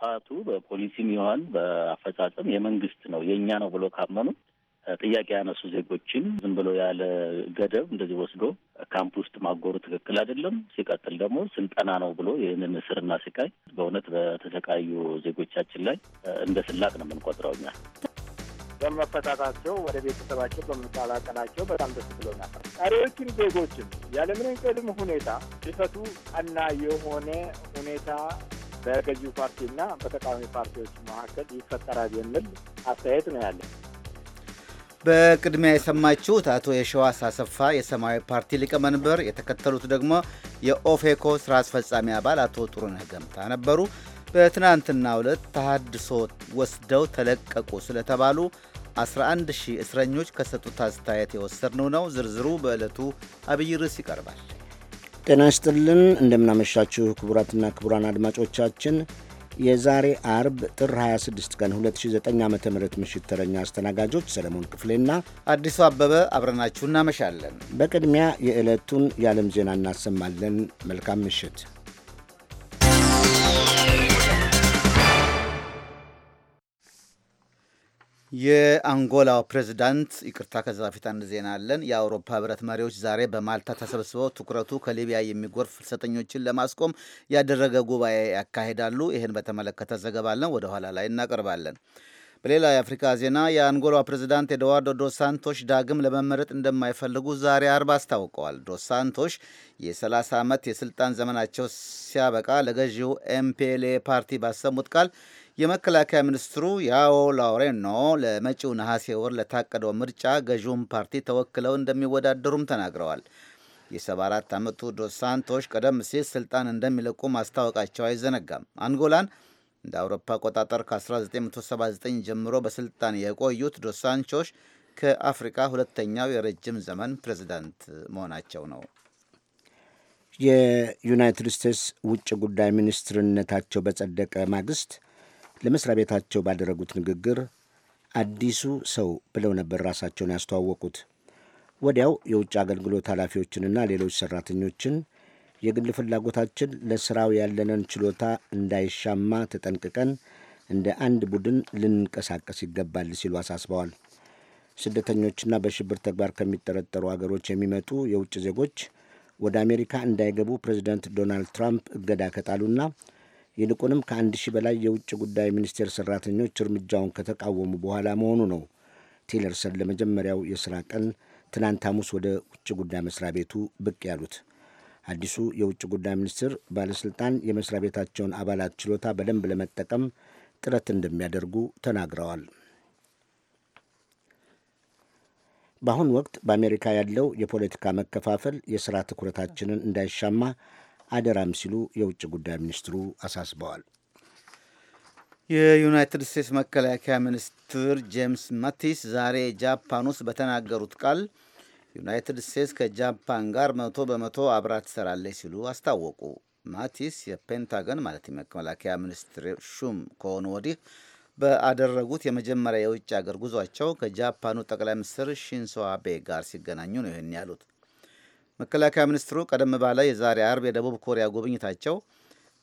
ጥፋቱ በፖሊሲም ይሆን በአፈጻጸም የመንግስት ነው የእኛ ነው ብሎ ካመኑ ጥያቄ ያነሱ ዜጎችን ዝም ብሎ ያለ ገደብ እንደዚህ ወስዶ ካምፕ ውስጥ ማጎሩ ትክክል አይደለም። ሲቀጥል ደግሞ ስልጠና ነው ብሎ ይህንን እስርና ስቃይ በእውነት በተሰቃዩ ዜጎቻችን ላይ እንደ ስላቅ ነው የምንቆጥረው እኛ። በመፈታታቸው ወደ ቤተሰባቸው በመቀላቀላቸው በጣም ደስ ብሎናል። ቀሪዎችን ዜጎችም ያለምንም ቅድመ ሁኔታ ሊፈቱ ቀና የሆነ ሁኔታ በገዢው ፓርቲና በተቃዋሚ ፓርቲዎች መካከል ይፈጠራል የሚል አስተያየት ነው ያለን። በቅድሚያ የሰማችሁት አቶ የሸዋስ አሰፋ የሰማያዊ ፓርቲ ሊቀመንበር፣ የተከተሉት ደግሞ የኦፌኮ ስራ አስፈጻሚ አባል አቶ ጥሩነህ ገምታ ነበሩ። በትናንትናው ዕለት ተሃድሶ ወስደው ተለቀቁ ስለተባሉ 11 ሺህ እስረኞች ከሰጡት አስተያየት የወሰድነው ነው። ዝርዝሩ በዕለቱ አብይ ርዕስ ይቀርባል። ጤና ይስጥልን እንደምናመሻችሁ ክቡራትና ክቡራን አድማጮቻችን የዛሬ አርብ ጥር 26 ቀን 2009 ዓ ም ምሽት ተረኛ አስተናጋጆች ሰለሞን ክፍሌና አዲሱ አበበ አብረናችሁ እናመሻለን። በቅድሚያ የዕለቱን የዓለም ዜና እናሰማለን። መልካም ምሽት። የአንጎላው ፕሬዚዳንት ይቅርታ፣ ከዛ በፊት አንድ ዜና አለን። የአውሮፓ ህብረት መሪዎች ዛሬ በማልታ ተሰብስበው ትኩረቱ ከሊቢያ የሚጎርፍ ፍልሰተኞችን ለማስቆም ያደረገ ጉባኤ ያካሂዳሉ። ይህን በተመለከተ ዘገባ አለን፣ ወደ ኋላ ላይ እናቀርባለን። በሌላ የአፍሪካ ዜና የአንጎላ ፕሬዚዳንት ኤድዋርዶ ዶሳንቶሽ ሳንቶሽ ዳግም ለመመረጥ እንደማይፈልጉ ዛሬ አርባ አስታውቀዋል። ዶሳንቶሽ ሳንቶሽ የ30 ዓመት የስልጣን ዘመናቸው ሲያበቃ ለገዢው ኤምፒኤልኤ ፓርቲ ባሰሙት ቃል የመከላከያ ሚኒስትሩ ያዎ ላውሬኖ ለመጪው ነሐሴ ወር ለታቀደው ምርጫ ገዢውን ፓርቲ ተወክለው እንደሚወዳደሩም ተናግረዋል። የ74 ዓመቱ ዶስ ሳንቶሽ ቀደም ሲል ስልጣን እንደሚለቁ ማስታወቃቸው አይዘነጋም። አንጎላን እንደ አውሮፓ አቆጣጠር ከ1979 ጀምሮ በስልጣን የቆዩት ዶስ ሳንቶሽ ከአፍሪካ ሁለተኛው የረጅም ዘመን ፕሬዝዳንት መሆናቸው ነው። የዩናይትድ ስቴትስ ውጭ ጉዳይ ሚኒስትርነታቸው በጸደቀ ማግስት ለመስሪያ ቤታቸው ባደረጉት ንግግር አዲሱ ሰው ብለው ነበር ራሳቸውን ያስተዋወቁት። ወዲያው የውጭ አገልግሎት ኃላፊዎችንና ሌሎች ሰራተኞችን የግል ፍላጎታችን ለስራው ያለንን ችሎታ እንዳይሻማ ተጠንቅቀን እንደ አንድ ቡድን ልንንቀሳቀስ ይገባል ሲሉ አሳስበዋል። ስደተኞችና በሽብር ተግባር ከሚጠረጠሩ አገሮች የሚመጡ የውጭ ዜጎች ወደ አሜሪካ እንዳይገቡ ፕሬዚደንት ዶናልድ ትራምፕ እገዳ ከጣሉና ይልቁንም ከአንድ ሺህ በላይ የውጭ ጉዳይ ሚኒስቴር ሰራተኞች እርምጃውን ከተቃወሙ በኋላ መሆኑ ነው። ቲለርሰን ለመጀመሪያው የሥራ ቀን ትናንት ሐሙስ ወደ ውጭ ጉዳይ መስሪያ ቤቱ ብቅ ያሉት አዲሱ የውጭ ጉዳይ ሚኒስትር ባለሥልጣን የመስሪያ ቤታቸውን አባላት ችሎታ በደንብ ለመጠቀም ጥረት እንደሚያደርጉ ተናግረዋል። በአሁኑ ወቅት በአሜሪካ ያለው የፖለቲካ መከፋፈል የሥራ ትኩረታችንን እንዳይሻማ አደራም ሲሉ የውጭ ጉዳይ ሚኒስትሩ አሳስበዋል። የዩናይትድ ስቴትስ መከላከያ ሚኒስትር ጄምስ ማቲስ ዛሬ ጃፓን ውስጥ በተናገሩት ቃል ዩናይትድ ስቴትስ ከጃፓን ጋር መቶ በመቶ አብራ ትሰራለች ሲሉ አስታወቁ። ማቲስ የፔንታገን ማለት የመከላከያ ሚኒስትር ሹም ከሆኑ ወዲህ በአደረጉት የመጀመሪያ የውጭ አገር ጉዟቸው ከጃፓኑ ጠቅላይ ሚኒስትር ሺንሶ አቤ ጋር ሲገናኙ ነው ይህን ያሉት። መከላከያ ሚኒስትሩ ቀደም ባለ የዛሬ አርብ የደቡብ ኮሪያ ጉብኝታቸው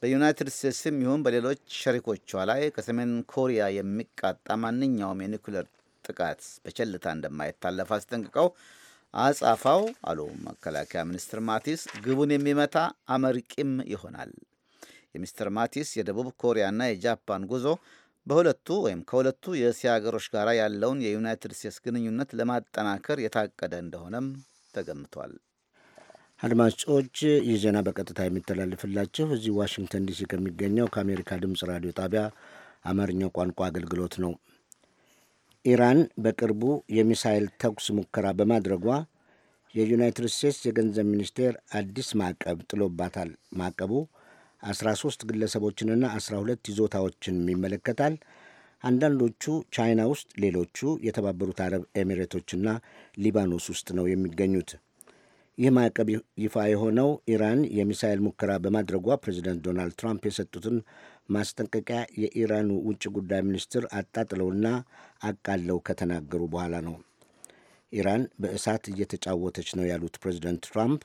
በዩናይትድ ስቴትስም ይሁን በሌሎች ሸሪኮቿ ላይ ከሰሜን ኮሪያ የሚቃጣ ማንኛውም የኒኩሌር ጥቃት በቸልታ እንደማይታለፍ አስጠንቅቀው አጻፋው አሉ መከላከያ ሚኒስትር ማቲስ ግቡን የሚመታ አመርቂም ይሆናል። የሚስትር ማቲስ የደቡብ ኮሪያና የጃፓን ጉዞ በሁለቱ ወይም ከሁለቱ የእስያ ሀገሮች ጋር ያለውን የዩናይትድ ስቴትስ ግንኙነት ለማጠናከር የታቀደ እንደሆነም ተገምቷል። አድማጮች ይህ ዜና በቀጥታ የሚተላልፍላችሁ እዚህ ዋሽንግተን ዲሲ ከሚገኘው ከአሜሪካ ድምፅ ራዲዮ ጣቢያ አማርኛው ቋንቋ አገልግሎት ነው። ኢራን በቅርቡ የሚሳይል ተኩስ ሙከራ በማድረጓ የዩናይትድ ስቴትስ የገንዘብ ሚኒስቴር አዲስ ማዕቀብ ጥሎባታል። ማዕቀቡ 13 ግለሰቦችንና 12 ይዞታዎችን ይመለከታል። አንዳንዶቹ ቻይና ውስጥ፣ ሌሎቹ የተባበሩት አረብ ኤሚሬቶችና ሊባኖስ ውስጥ ነው የሚገኙት። ይህ ማዕቀብ ይፋ የሆነው ኢራን የሚሳኤል ሙከራ በማድረጓ ፕሬዚደንት ዶናልድ ትራምፕ የሰጡትን ማስጠንቀቂያ የኢራኑ ውጭ ጉዳይ ሚኒስትር አጣጥለውና አቃለው ከተናገሩ በኋላ ነው። ኢራን በእሳት እየተጫወተች ነው ያሉት ፕሬዚደንት ትራምፕ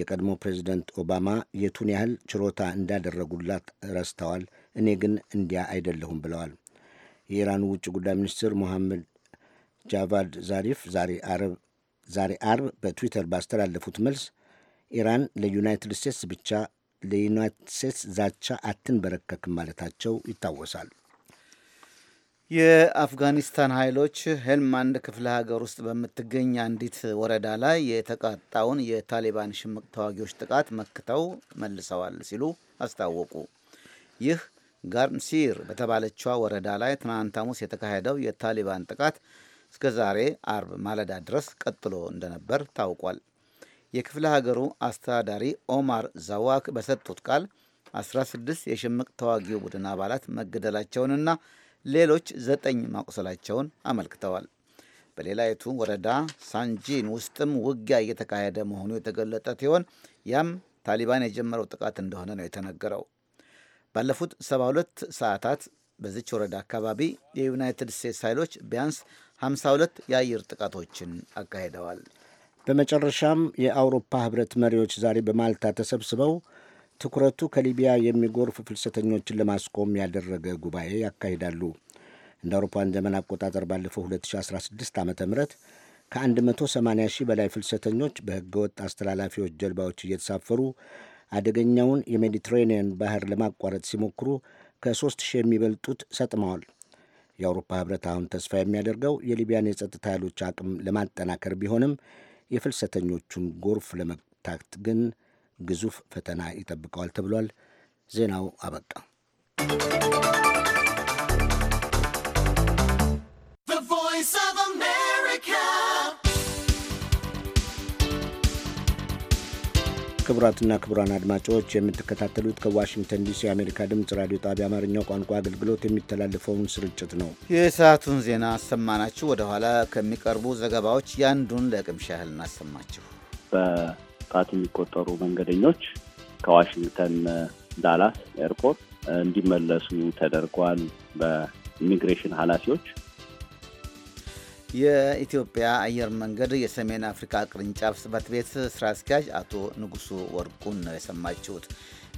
የቀድሞ ፕሬዚደንት ኦባማ የቱን ያህል ችሮታ እንዳደረጉላት ረስተዋል፣ እኔ ግን እንዲያ አይደለሁም ብለዋል። የኢራኑ ውጭ ጉዳይ ሚኒስትር ሞሐመድ ጃቫድ ዛሪፍ ዛሬ አረብ ዛሬ አርብ በትዊተር ባስተላለፉት መልስ ኢራን ለዩናይትድ ስቴትስ ብቻ ለዩናይትድ ስቴትስ ዛቻ አትንበረከክም ማለታቸው ይታወሳል። የአፍጋኒስታን ኃይሎች ሄልማንድ ክፍለ ሀገር ውስጥ በምትገኝ አንዲት ወረዳ ላይ የተቃጣውን የታሊባን ሽምቅ ተዋጊዎች ጥቃት መክተው መልሰዋል ሲሉ አስታወቁ። ይህ ጋርምሲር በተባለችዋ ወረዳ ላይ ትናንት ሐሙስ የተካሄደው የታሊባን ጥቃት እስከ ዛሬ አርብ ማለዳ ድረስ ቀጥሎ እንደነበር ታውቋል። የክፍለ ሀገሩ አስተዳዳሪ ኦማር ዛዋክ በሰጡት ቃል 16 የሽምቅ ተዋጊው ቡድን አባላት መገደላቸውንና ሌሎች ዘጠኝ ማቁሰላቸውን አመልክተዋል። በሌላይቱ ወረዳ ሳንጂን ውስጥም ውጊያ እየተካሄደ መሆኑ የተገለጠ ሲሆን ያም ታሊባን የጀመረው ጥቃት እንደሆነ ነው የተነገረው። ባለፉት 72 ሰዓታት በዚች ወረዳ አካባቢ የዩናይትድ ስቴትስ ኃይሎች ቢያንስ 52 የአየር ጥቃቶችን አካሂደዋል። በመጨረሻም የአውሮፓ ህብረት መሪዎች ዛሬ በማልታ ተሰብስበው ትኩረቱ ከሊቢያ የሚጎርፍ ፍልሰተኞችን ለማስቆም ያደረገ ጉባኤ ያካሂዳሉ። እንደ አውሮፓን ዘመን አቆጣጠር ባለፈው 2016 ዓ ም ከ180 በላይ ፍልሰተኞች በህገወጥ አስተላላፊዎች ጀልባዎች እየተሳፈሩ አደገኛውን የሜዲትሬኒየን ባህር ለማቋረጥ ሲሞክሩ ከ 3000 የሚበልጡት ሰጥመዋል። የአውሮፓ ህብረት አሁን ተስፋ የሚያደርገው የሊቢያን የጸጥታ ኃይሎች አቅም ለማጠናከር ቢሆንም የፍልሰተኞቹን ጎርፍ ለመግታት ግን ግዙፍ ፈተና ይጠብቀዋል ተብሏል። ዜናው አበቃ። ክቡራትና ክቡራን አድማጮች የምትከታተሉት ከዋሽንግተን ዲሲ የአሜሪካ ድምፅ ራዲዮ ጣቢያ አማርኛው ቋንቋ አገልግሎት የሚተላለፈውን ስርጭት ነው። የሰዓቱን ዜና አሰማናችሁ። ወደኋላ ከሚቀርቡ ዘገባዎች ያንዱን ለቅምሻ ያህል እናሰማችሁ። በጣት የሚቆጠሩ መንገደኞች ከዋሽንግተን ዳላስ ኤርፖርት እንዲመለሱ ተደርጓል በኢሚግሬሽን ኃላፊዎች የኢትዮጵያ አየር መንገድ የሰሜን አፍሪካ ቅርንጫፍ ጽሕፈት ቤት ስራ አስኪያጅ አቶ ንጉሱ ወርቁን ነው የሰማችሁት።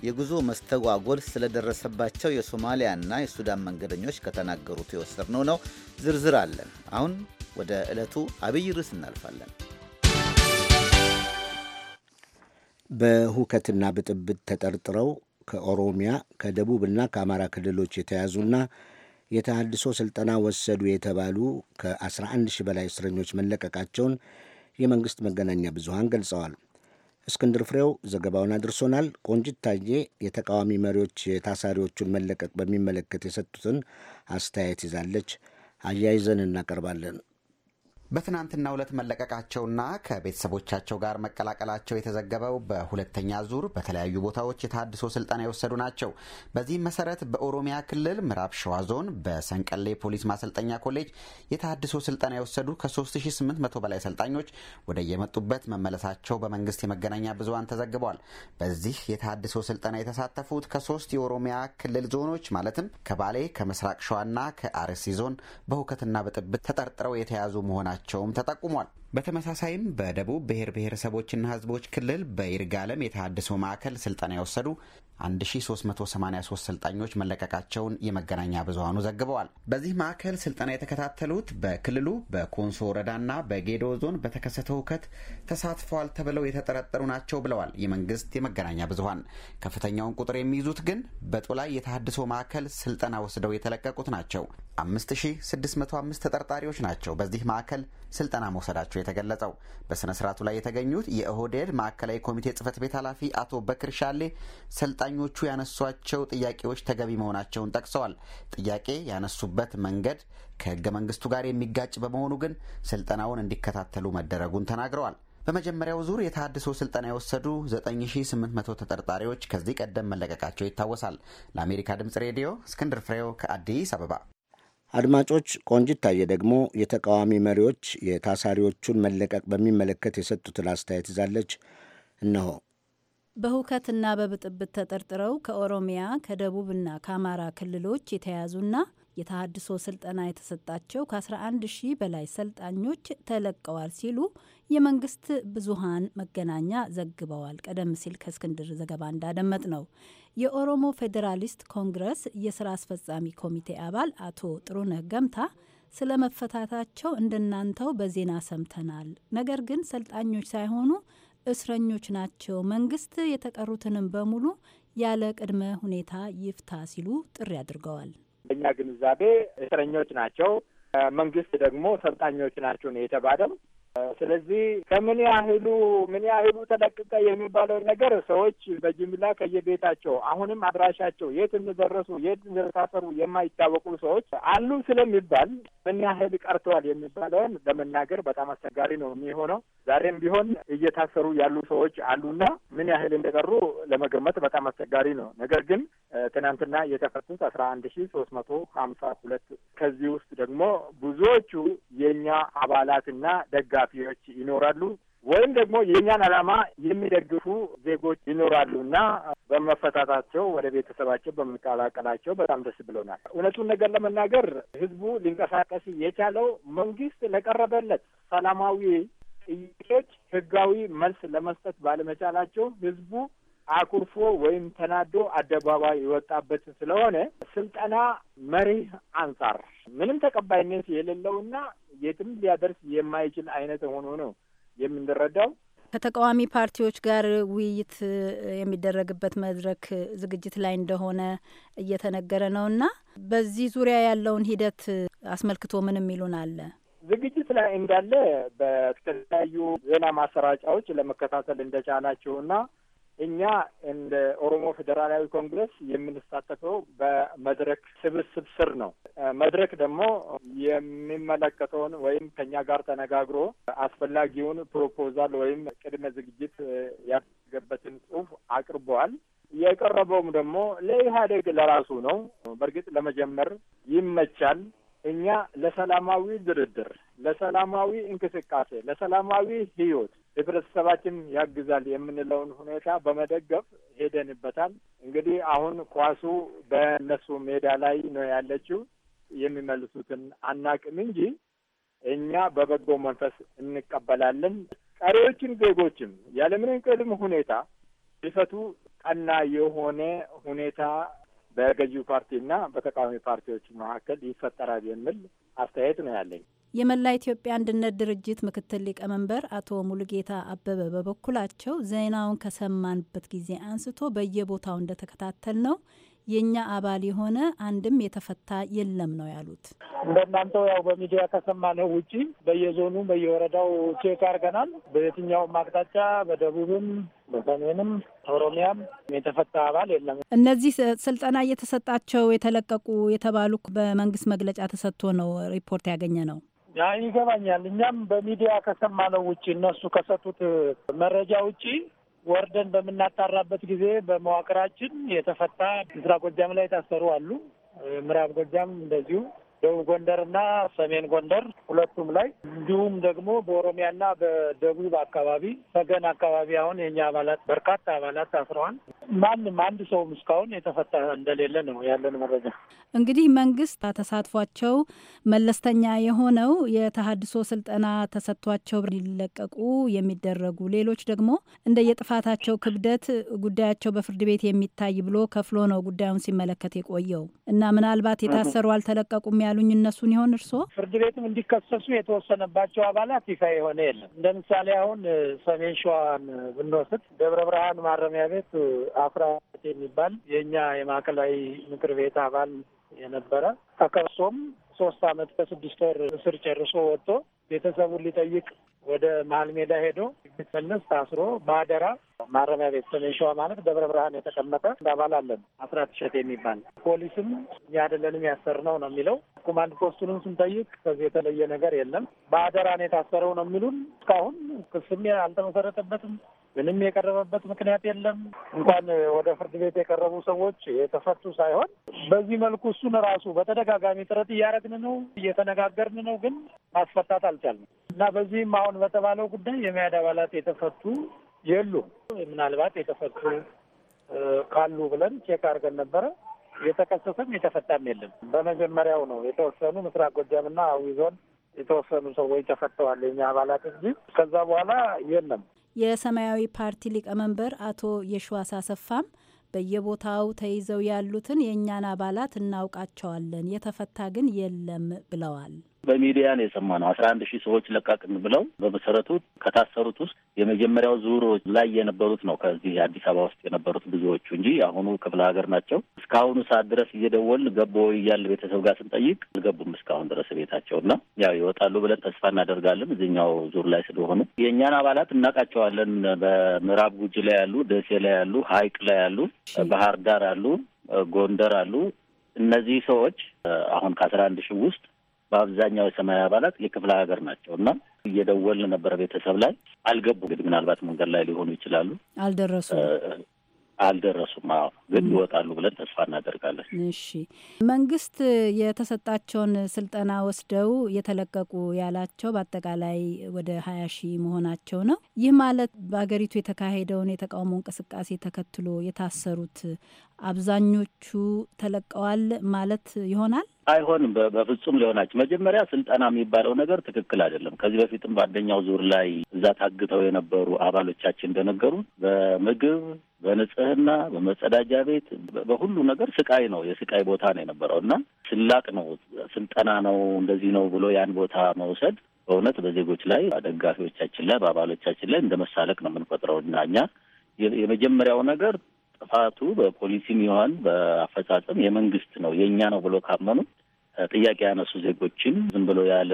የጉዞ መስተጓጎል ስለደረሰባቸው የሶማሊያና የሱዳን መንገደኞች ከተናገሩት የወሰድነው ነው። ዝርዝር አለን። አሁን ወደ ዕለቱ አብይ ርዕስ እናልፋለን። በሁከትና ብጥብጥ ተጠርጥረው ከኦሮሚያ ከደቡብና ከአማራ ክልሎች የተያዙና የተሃድሶ ስልጠና ወሰዱ የተባሉ ከ11 ሺህ በላይ እስረኞች መለቀቃቸውን የመንግሥት መገናኛ ብዙሃን ገልጸዋል። እስክንድር ፍሬው ዘገባውን አድርሶናል። ቆንጂት ታዬ የተቃዋሚ መሪዎች የታሳሪዎቹን መለቀቅ በሚመለከት የሰጡትን አስተያየት ይዛለች። አያይዘን እናቀርባለን። በትናንትናው ዕለት መለቀቃቸውና ከቤተሰቦቻቸው ጋር መቀላቀላቸው የተዘገበው በሁለተኛ ዙር በተለያዩ ቦታዎች የታድሶ ስልጠና የወሰዱ ናቸው። በዚህም መሰረት በኦሮሚያ ክልል ምዕራብ ሸዋ ዞን በሰንቀሌ ፖሊስ ማሰልጠኛ ኮሌጅ የታድሶ ስልጠና የወሰዱ ከ3800 በላይ ሰልጣኞች ወደ የመጡበት መመለሳቸው በመንግስት የመገናኛ ብዙሃን ተዘግበዋል። በዚህ የታድሶ ስልጠና የተሳተፉት ከሶስት የኦሮሚያ ክልል ዞኖች ማለትም ከባሌ፣ ከምስራቅ ሸዋና ከአርሲ ዞን በሁከትና በጥብት ተጠርጥረው የተያዙ መሆናቸው መሆናቸውም ተጠቁሟል። በተመሳሳይም በደቡብ ብሔር ብሔረሰቦችና ሕዝቦች ክልል በይርጋለም የተሃድሶ ማዕከል ስልጠና የወሰዱ 1383 ሰልጣኞች መለቀቃቸውን የመገናኛ ብዙሀኑ ዘግበዋል። በዚህ ማዕከል ስልጠና የተከታተሉት በክልሉ በኮንሶ ወረዳና በጌዶ ዞን በተከሰተው ሁከት ተሳትፈዋል ተብለው የተጠረጠሩ ናቸው ብለዋል የመንግስት የመገናኛ ብዙሀን። ከፍተኛውን ቁጥር የሚይዙት ግን በጦላይ ላይ የተሃድሶ ማዕከል ስልጠና ወስደው የተለቀቁት ናቸው። 5605 ተጠርጣሪዎች ናቸው በዚህ ማዕከል ስልጠና መውሰዳቸው የተገለጸው። በሥነ ስርዓቱ ላይ የተገኙት የኦህዴድ ማዕከላዊ ኮሚቴ ጽህፈት ቤት ኃላፊ አቶ በክር ሻሌ ሰልጣኞቹ ያነሷቸው ጥያቄዎች ተገቢ መሆናቸውን ጠቅሰዋል። ጥያቄ ያነሱበት መንገድ ከህገ መንግስቱ ጋር የሚጋጭ በመሆኑ ግን ስልጠናውን እንዲከታተሉ መደረጉን ተናግረዋል። በመጀመሪያው ዙር የተሃድሶ ስልጠና የወሰዱ 9800 ተጠርጣሪዎች ከዚህ ቀደም መለቀቃቸው ይታወሳል። ለአሜሪካ ድምፅ ሬዲዮ እስክንድር ፍሬው ከአዲስ አበባ አድማጮች፣ ቆንጂት ታየ ደግሞ የተቃዋሚ መሪዎች የታሳሪዎቹን መለቀቅ በሚመለከት የሰጡትን አስተያየት ይዛለች። እነሆ። በሁከትና በብጥብጥ ተጠርጥረው ከኦሮሚያ ከደቡብና ከአማራ ክልሎች የተያዙና የተሃድሶ ስልጠና የተሰጣቸው ከ11 ሺህ በላይ ሰልጣኞች ተለቀዋል ሲሉ የመንግስት ብዙሃን መገናኛ ዘግበዋል። ቀደም ሲል ከእስክንድር ዘገባ እንዳደመጥ ነው የኦሮሞ ፌዴራሊስት ኮንግረስ የስራ አስፈጻሚ ኮሚቴ አባል አቶ ጥሩነህ ገምታ ስለ መፈታታቸው እንደናንተው በዜና ሰምተናል። ነገር ግን ሰልጣኞች ሳይሆኑ እስረኞች ናቸው፣ መንግስት የተቀሩትንም በሙሉ ያለ ቅድመ ሁኔታ ይፍታ ሲሉ ጥሪ አድርገዋል። በእኛ ግንዛቤ እስረኞች ናቸው፣ መንግስት ደግሞ ሰልጣኞች ናቸው ነው የተባለው። ስለዚህ ከምን ያህሉ ምን ያህሉ ተለቀቀ የሚባለውን ነገር ሰዎች በጅምላ ከየቤታቸው አሁንም አድራሻቸው የት እንደደረሱ የት እንደታሰሩ የማይታወቁ ሰዎች አሉ ስለሚባል ምን ያህል ቀርተዋል የሚባለውን ለመናገር በጣም አስቸጋሪ ነው የሚሆነው። ዛሬም ቢሆን እየታሰሩ ያሉ ሰዎች አሉና ምን ያህል እንደቀሩ ለመገመት በጣም አስቸጋሪ ነው። ነገር ግን ትናንትና የተፈቱት አስራ አንድ ሺ ሶስት መቶ ሀምሳ ሁለት ከዚህ ውስጥ ደግሞ ብዙዎቹ የእኛ አባላትና ደጋፊዎች ይኖራሉ ወይም ደግሞ የእኛን ዓላማ የሚደግፉ ዜጎች ይኖራሉ እና በመፈታታቸው ወደ ቤተሰባቸው በመቀላቀላቸው በጣም ደስ ብሎናል። እውነቱን ነገር ለመናገር ህዝቡ ሊንቀሳቀስ የቻለው መንግስት ለቀረበለት ሰላማዊ ጥያቄዎች ህጋዊ መልስ ለመስጠት ባለመቻላቸው ህዝቡ አኩርፎ ወይም ተናዶ አደባባይ የወጣበት ስለሆነ ስልጠና መሪህ አንጻር ምንም ተቀባይነት የሌለውና የትም ሊያደርስ የማይችል አይነት ሆኖ ነው የምንረዳው። ከተቃዋሚ ፓርቲዎች ጋር ውይይት የሚደረግበት መድረክ ዝግጅት ላይ እንደሆነ እየተነገረ ነውና በዚህ ዙሪያ ያለውን ሂደት አስመልክቶ ምን ይሉን አለ? ዝግጅት ላይ እንዳለ በተለያዩ ዜና ማሰራጫዎች ለመከታተል እንደቻላችሁና እኛ እንደ ኦሮሞ ፌዴራላዊ ኮንግረስ የምንሳተፈው በመድረክ ስብስብ ስር ነው። መድረክ ደግሞ የሚመለከተውን ወይም ከኛ ጋር ተነጋግሮ አስፈላጊውን ፕሮፖዛል ወይም ቅድመ ዝግጅት ያደረገበትን ጽሑፍ አቅርበዋል። የቀረበውም ደግሞ ለኢህአዴግ ለራሱ ነው። በእርግጥ ለመጀመር ይመቻል። እኛ ለሰላማዊ ድርድር፣ ለሰላማዊ እንቅስቃሴ፣ ለሰላማዊ ህይወት ህብረተሰባችን ያግዛል የምንለውን ሁኔታ በመደገፍ ሄደንበታል። እንግዲህ አሁን ኳሱ በእነሱ ሜዳ ላይ ነው ያለችው። የሚመልሱትን አናቅም እንጂ እኛ በበጎ መንፈስ እንቀበላለን። ቀሪዎችን ዜጎችም ያለምንም ቅድም ሁኔታ ሊፈቱ ቀና የሆነ ሁኔታ በገዢው ፓርቲና በተቃዋሚ ፓርቲዎች መካከል ይፈጠራል የሚል አስተያየት ነው ያለኝ። የመላ ኢትዮጵያ አንድነት ድርጅት ምክትል ሊቀመንበር አቶ ሙሉጌታ አበበ በበኩላቸው ዜናውን ከሰማንበት ጊዜ አንስቶ በየቦታው እንደተከታተል ነው የእኛ አባል የሆነ አንድም የተፈታ የለም ነው ያሉት። እንደናንተው ያው በሚዲያ ከሰማነው ውጪ በየዞኑ በየወረዳው ቼክ አድርገናል። በየትኛውም አቅጣጫ በደቡብም በሰሜንም ኦሮሚያም የተፈታ አባል የለም። እነዚህ ስልጠና እየተሰጣቸው የተለቀቁ የተባሉ በመንግስት መግለጫ ተሰጥቶ ነው ሪፖርት ያገኘ ነው። ይገባኛል። እኛም በሚዲያ ከሰማነው ውጭ እነሱ ከሰጡት መረጃ ውጭ ወርደን በምናጣራበት ጊዜ በመዋቅራችን የተፈታ ምስራቅ ጎጃም ላይ የታሰሩ አሉ፣ ምዕራብ ጎጃም እንደዚሁ ደቡብ ጎንደርና ሰሜን ጎንደር ሁለቱም ላይ እንዲሁም ደግሞ በኦሮሚያና በደቡብ አካባቢ ሰገን አካባቢ አሁን የኛ አባላት በርካታ አባላት ታስረዋል። ማንም አንድ ሰውም እስካሁን የተፈታ እንደሌለ ነው ያለን መረጃ። እንግዲህ መንግስት ተሳትፏቸው መለስተኛ የሆነው የተሀድሶ ስልጠና ተሰጥቷቸው ሊለቀቁ የሚደረጉ ሌሎች ደግሞ እንደ የጥፋታቸው ክብደት ጉዳያቸው በፍርድ ቤት የሚታይ ብሎ ከፍሎ ነው ጉዳዩን ሲመለከት የቆየው እና ምናልባት የታሰሩ አልተለቀቁም ያሉኝ እነሱን ይሆን እርስዎ? ፍርድ ቤትም እንዲከሰሱ የተወሰነባቸው አባላት ይፋ የሆነ የለም። እንደ ምሳሌ አሁን ሰሜን ሸዋን ብንወስድ ደብረ ብርሃን ማረሚያ ቤት አፍራት የሚባል የእኛ የማዕከላዊ ምክር ቤት አባል የነበረ ተከሶም ሶስት አመት ከስድስት ወር እስር ጨርሶ ወጥቶ ቤተሰቡን ሊጠይቅ ወደ መሀል ሜዳ ሄዶ ሲመለስ ታስሮ በአደራ ማረሚያ ቤት ሰሜን ሸዋ ማለት ደብረ ብርሃን የተቀመጠ እንደ አባል አለን አስራት እሸት የሚባል ፖሊስም እኛ አይደለንም ያሰርነው ነው የሚለው። ኮማንድ ፖስቱንም ስንጠይቅ ከዚህ የተለየ ነገር የለም በአደራ ነው የታሰረው ነው የሚሉን። እስካሁን ክስም አልተመሰረተበትም ምንም የቀረበበት ምክንያት የለም። እንኳን ወደ ፍርድ ቤት የቀረቡ ሰዎች የተፈቱ ሳይሆን በዚህ መልኩ እሱን ራሱ በተደጋጋሚ ጥረት እያደረግን ነው፣ እየተነጋገርን ነው፣ ግን ማስፈታት አልቻልንም እና በዚህም አሁን በተባለው ጉዳይ የሚያድ አባላት የተፈቱ የሉ። ምናልባት የተፈቱ ካሉ ብለን ቼክ አድርገን ነበረ። የተከሰሰም የተፈታም የለም። በመጀመሪያው ነው የተወሰኑ ምስራቅ ጎጃምና አዊ ዞን የተወሰኑ ሰዎች ተፈተዋል የኛ አባላት እንጂ ከዛ በኋላ የለም። የሰማያዊ ፓርቲ ሊቀመንበር አቶ የሽዋስ አሰፋም በየቦታው ተይዘው ያሉትን የእኛን አባላት እናውቃቸዋለን፣ የተፈታ ግን የለም ብለዋል። በሚዲያ ነው የሰማነው። አስራ አንድ ሺህ ሰዎች ለቃቅን ብለው በመሰረቱ ከታሰሩት ውስጥ የመጀመሪያው ዙር ላይ የነበሩት ነው ከዚህ አዲስ አበባ ውስጥ የነበሩት ብዙዎቹ እንጂ አሁኑ ክፍለ ሀገር ናቸው። እስካሁኑ ሰዓት ድረስ እየደወል ገቦ እያለ ቤተሰብ ጋር ስንጠይቅ አልገቡም እስካሁን ድረስ ቤታቸው እና ያው ይወጣሉ ብለን ተስፋ እናደርጋለን። እዚኛው ዙር ላይ ስለሆኑ የእኛን አባላት እናውቃቸዋለን። በምዕራብ ጉጂ ላይ ያሉ፣ ደሴ ላይ ያሉ፣ ሀይቅ ላይ ያሉ፣ ባህር ዳር አሉ፣ ጎንደር አሉ። እነዚህ ሰዎች አሁን ከአስራ አንድ ሺህ ውስጥ በአብዛኛው የሰማያዊ አባላት የክፍለ ሀገር ናቸው እና እየደወልን ነበረ ቤተሰብ ላይ አልገቡ። እንግዲህ ምናልባት መንገድ ላይ ሊሆኑ ይችላሉ። አልደረሱ አልደረሱም። አዎ ግን ይወጣሉ ብለን ተስፋ እናደርጋለን። እሺ መንግስት የተሰጣቸውን ስልጠና ወስደው የተለቀቁ ያላቸው በአጠቃላይ ወደ ሀያ ሺህ መሆናቸው ነው። ይህ ማለት በሀገሪቱ የተካሄደውን የተቃውሞ እንቅስቃሴ ተከትሎ የታሰሩት አብዛኞቹ ተለቀዋል ማለት ይሆናል። አይሆንም። በፍጹም ሊሆናቸው መጀመሪያ ስልጠና የሚባለው ነገር ትክክል አይደለም። ከዚህ በፊትም በአንደኛው ዙር ላይ እዛ ታግተው የነበሩ አባሎቻችን እንደነገሩ በምግብ በንጽህና በመጸዳጃ ቤት በሁሉ ነገር ስቃይ ነው። የስቃይ ቦታ ነው የነበረው እና ስላቅ ነው ስልጠና ነው እንደዚህ ነው ብሎ ያን ቦታ መውሰድ በእውነት በዜጎች ላይ በደጋፊዎቻችን ላይ በአባሎቻችን ላይ እንደ መሳለቅ ነው የምንቆጥረው እና እኛ የመጀመሪያው ነገር ጥፋቱ በፖሊሲም ይሆን በአፈጻጸም የመንግስት ነው የእኛ ነው ብሎ ካመኑ ጥያቄ ያነሱ ዜጎችን ዝም ብሎ ያለ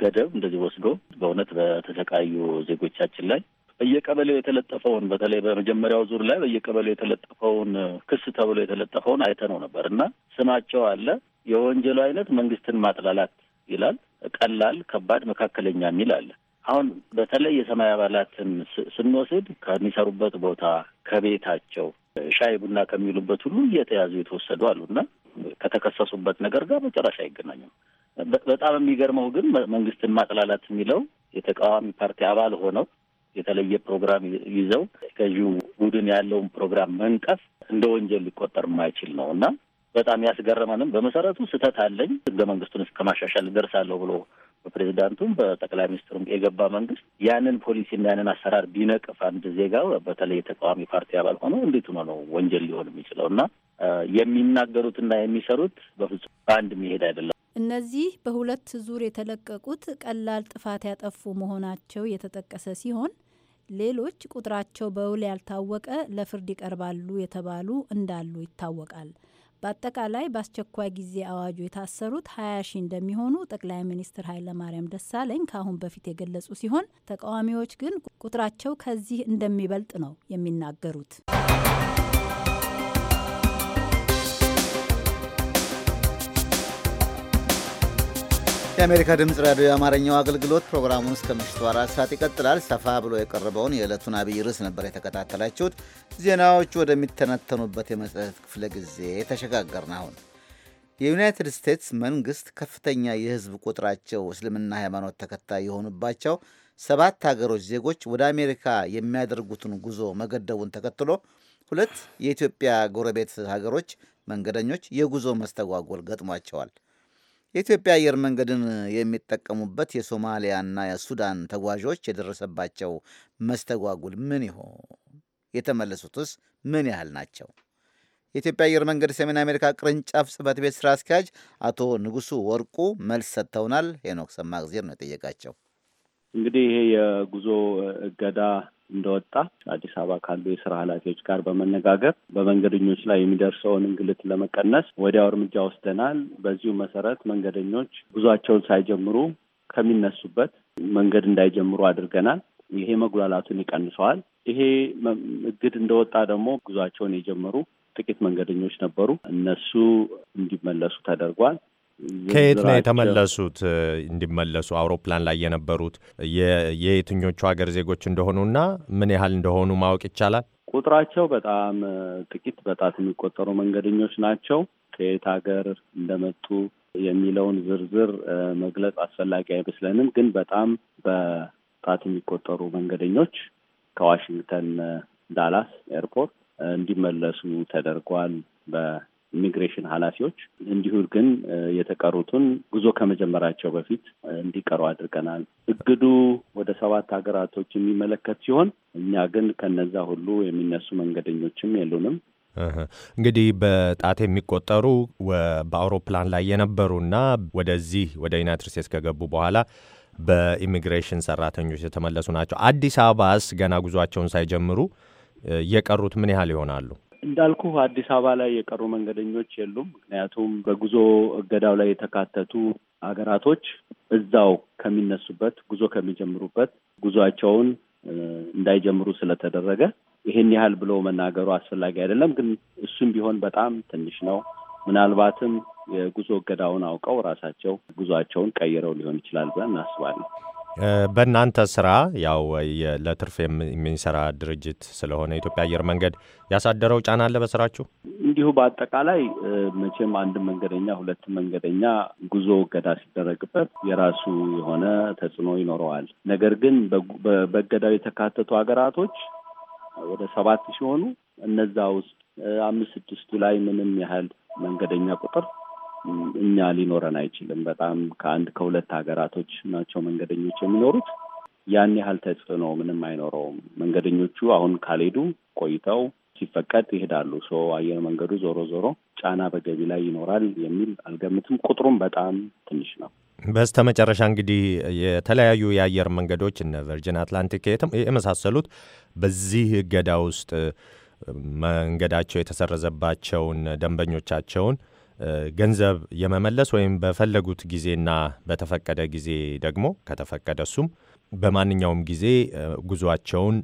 ገደብ እንደዚህ ወስዶ በእውነት በተሰቃዩ ዜጎቻችን ላይ በየቀበሌው የተለጠፈውን በተለይ በመጀመሪያው ዙር ላይ በየቀበሌው የተለጠፈውን ክስ ተብሎ የተለጠፈውን አይተነው ነበር እና ስማቸው አለ። የወንጀሉ አይነት መንግስትን ማጥላላት ይላል። ቀላል፣ ከባድ፣ መካከለኛ የሚል አለ። አሁን በተለይ የሰማይ አባላትን ስንወስድ ከሚሰሩበት ቦታ ከቤታቸው ሻይ ቡና ከሚሉበት ሁሉ እየተያዙ የተወሰዱ አሉና ከተከሰሱበት ነገር ጋር መጨረሻ አይገናኝም። በጣም የሚገርመው ግን መንግስትን ማጥላላት የሚለው የተቃዋሚ ፓርቲ አባል ሆነው የተለየ ፕሮግራም ይዘው ከዚሁ ቡድን ያለውን ፕሮግራም መንቀፍ እንደ ወንጀል ሊቆጠር የማይችል ነው እና በጣም ያስገረመንም በመሰረቱ ስህተት አለኝ ህገ መንግስቱን እስከ ማሻሻል ደርሳለሁ ብሎ በፕሬዚዳንቱም በጠቅላይ ሚኒስትሩም የገባ መንግስት ያንን ፖሊሲና ያንን አሰራር ቢነቅፍ አንድ ዜጋ በተለይ የተቃዋሚ ፓርቲ አባል ሆኖ እንዴት ሆኖ ነው ወንጀል ሊሆን የሚችለው? እና የሚናገሩትና የሚሰሩት በፍጹም በአንድ መሄድ አይደለም። እነዚህ በሁለት ዙር የተለቀቁት ቀላል ጥፋት ያጠፉ መሆናቸው የተጠቀሰ ሲሆን ሌሎች ቁጥራቸው በውል ያልታወቀ ለፍርድ ይቀርባሉ የተባሉ እንዳሉ ይታወቃል። በአጠቃላይ በአስቸኳይ ጊዜ አዋጁ የታሰሩት 20 ሺህ እንደሚሆኑ ጠቅላይ ሚኒስትር ኃይለማርያም ደሳለኝ ከአሁን በፊት የገለጹ ሲሆን ተቃዋሚዎች ግን ቁጥራቸው ከዚህ እንደሚበልጥ ነው የሚናገሩት። የአሜሪካ ድምፅ ራዲዮ የአማርኛው አገልግሎት ፕሮግራሙን እስከ ምሽቱ አራት ሰዓት ይቀጥላል። ሰፋ ብሎ የቀረበውን የዕለቱን አብይ ርዕስ ነበር የተከታተላችሁት። ዜናዎቹ ወደሚተነተኑበት የመጽሔት ክፍለ ጊዜ ተሸጋገርን። አሁን የዩናይትድ ስቴትስ መንግሥት ከፍተኛ የሕዝብ ቁጥራቸው እስልምና ሃይማኖት ተከታይ የሆኑባቸው ሰባት ሀገሮች ዜጎች ወደ አሜሪካ የሚያደርጉትን ጉዞ መገደቡን ተከትሎ ሁለት የኢትዮጵያ ጎረቤት ሀገሮች መንገደኞች የጉዞ መስተጓጎል ገጥሟቸዋል። የኢትዮጵያ አየር መንገድን የሚጠቀሙበት የሶማሊያና የሱዳን ተጓዦች የደረሰባቸው መስተጓጉል ምን ይሆን? የተመለሱትስ ምን ያህል ናቸው? የኢትዮጵያ አየር መንገድ ሰሜን አሜሪካ ቅርንጫፍ ጽህፈት ቤት ስራ አስኪያጅ አቶ ንጉሱ ወርቁ መልስ ሰጥተውናል። ሄኖክ ሰማእግዜር ነው የጠየቃቸው። እንግዲህ ይሄ የጉዞ እገዳ እንደወጣ አዲስ አበባ ካሉ የስራ ኃላፊዎች ጋር በመነጋገር በመንገደኞች ላይ የሚደርሰውን እንግልት ለመቀነስ ወዲያው እርምጃ ወስደናል። በዚሁ መሰረት መንገደኞች ጉዟቸውን ሳይጀምሩ ከሚነሱበት መንገድ እንዳይጀምሩ አድርገናል። ይሄ መጉላላቱን ይቀንሰዋል። ይሄ እግድ እንደወጣ ደግሞ ጉዟቸውን የጀመሩ ጥቂት መንገደኞች ነበሩ። እነሱ እንዲመለሱ ተደርጓል። ከየት ነው የተመለሱት? እንዲመለሱ አውሮፕላን ላይ የነበሩት የየትኞቹ ሀገር ዜጎች እንደሆኑና ምን ያህል እንደሆኑ ማወቅ ይቻላል? ቁጥራቸው በጣም ጥቂት በጣት የሚቆጠሩ መንገደኞች ናቸው። ከየት ሀገር እንደመጡ የሚለውን ዝርዝር መግለጽ አስፈላጊ አይመስለንም። ግን በጣም በጣት የሚቆጠሩ መንገደኞች ከዋሽንግተን ዳላስ ኤርፖርት እንዲመለሱ ተደርጓል። ኢሚግሬሽን ኃላፊዎች እንዲሁ ግን የተቀሩትን ጉዞ ከመጀመራቸው በፊት እንዲቀሩ አድርገናል። እግዱ ወደ ሰባት ሀገራቶች የሚመለከት ሲሆን እኛ ግን ከነዛ ሁሉ የሚነሱ መንገደኞችም የሉንም። እንግዲህ በጣት የሚቆጠሩ በአውሮፕላን ላይ የነበሩና ወደዚህ ወደ ዩናይትድ ስቴትስ ከገቡ በኋላ በኢሚግሬሽን ሰራተኞች የተመለሱ ናቸው። አዲስ አበባስ ገና ጉዟቸውን ሳይጀምሩ የቀሩት ምን ያህል ይሆናሉ? እንዳልኩ አዲስ አበባ ላይ የቀሩ መንገደኞች የሉም። ምክንያቱም በጉዞ እገዳው ላይ የተካተቱ ሀገራቶች እዛው ከሚነሱበት ጉዞ ከሚጀምሩበት ጉዟቸውን እንዳይጀምሩ ስለተደረገ ይሄን ያህል ብሎ መናገሩ አስፈላጊ አይደለም። ግን እሱም ቢሆን በጣም ትንሽ ነው። ምናልባትም የጉዞ እገዳውን አውቀው ራሳቸው ጉዟቸውን ቀይረው ሊሆን ይችላል ብለን እናስባለን። በእናንተ ስራ ያው ለትርፍ የሚሰራ ድርጅት ስለሆነ የኢትዮጵያ አየር መንገድ ያሳደረው ጫና አለ በስራችሁ? እንዲሁ በአጠቃላይ መቼም አንድ መንገደኛ ሁለት መንገደኛ ጉዞ እገዳ ሲደረግበት የራሱ የሆነ ተጽዕኖ ይኖረዋል። ነገር ግን በእገዳው የተካተቱ ሀገራቶች ወደ ሰባት ሲሆኑ እነዛ ውስጥ አምስት ስድስቱ ላይ ምንም ያህል መንገደኛ ቁጥር እኛ ሊኖረን አይችልም። በጣም ከአንድ ከሁለት ሀገራቶች ናቸው መንገደኞች የሚኖሩት። ያን ያህል ተጽዕኖ ምንም አይኖረውም። መንገደኞቹ አሁን ካልሄዱ ቆይተው ሲፈቀድ ይሄዳሉ። ሶ አየር መንገዱ ዞሮ ዞሮ ጫና በገቢ ላይ ይኖራል የሚል አልገምትም። ቁጥሩም በጣም ትንሽ ነው። በስተ መጨረሻ እንግዲህ የተለያዩ የአየር መንገዶች እነ ቨርጅን አትላንቲክ የመሳሰሉት በዚህ እገዳ ውስጥ መንገዳቸው የተሰረዘባቸውን ደንበኞቻቸውን ገንዘብ የመመለስ ወይም በፈለጉት ጊዜና በተፈቀደ ጊዜ ደግሞ ከተፈቀደ እሱም በማንኛውም ጊዜ ጉዞአቸውን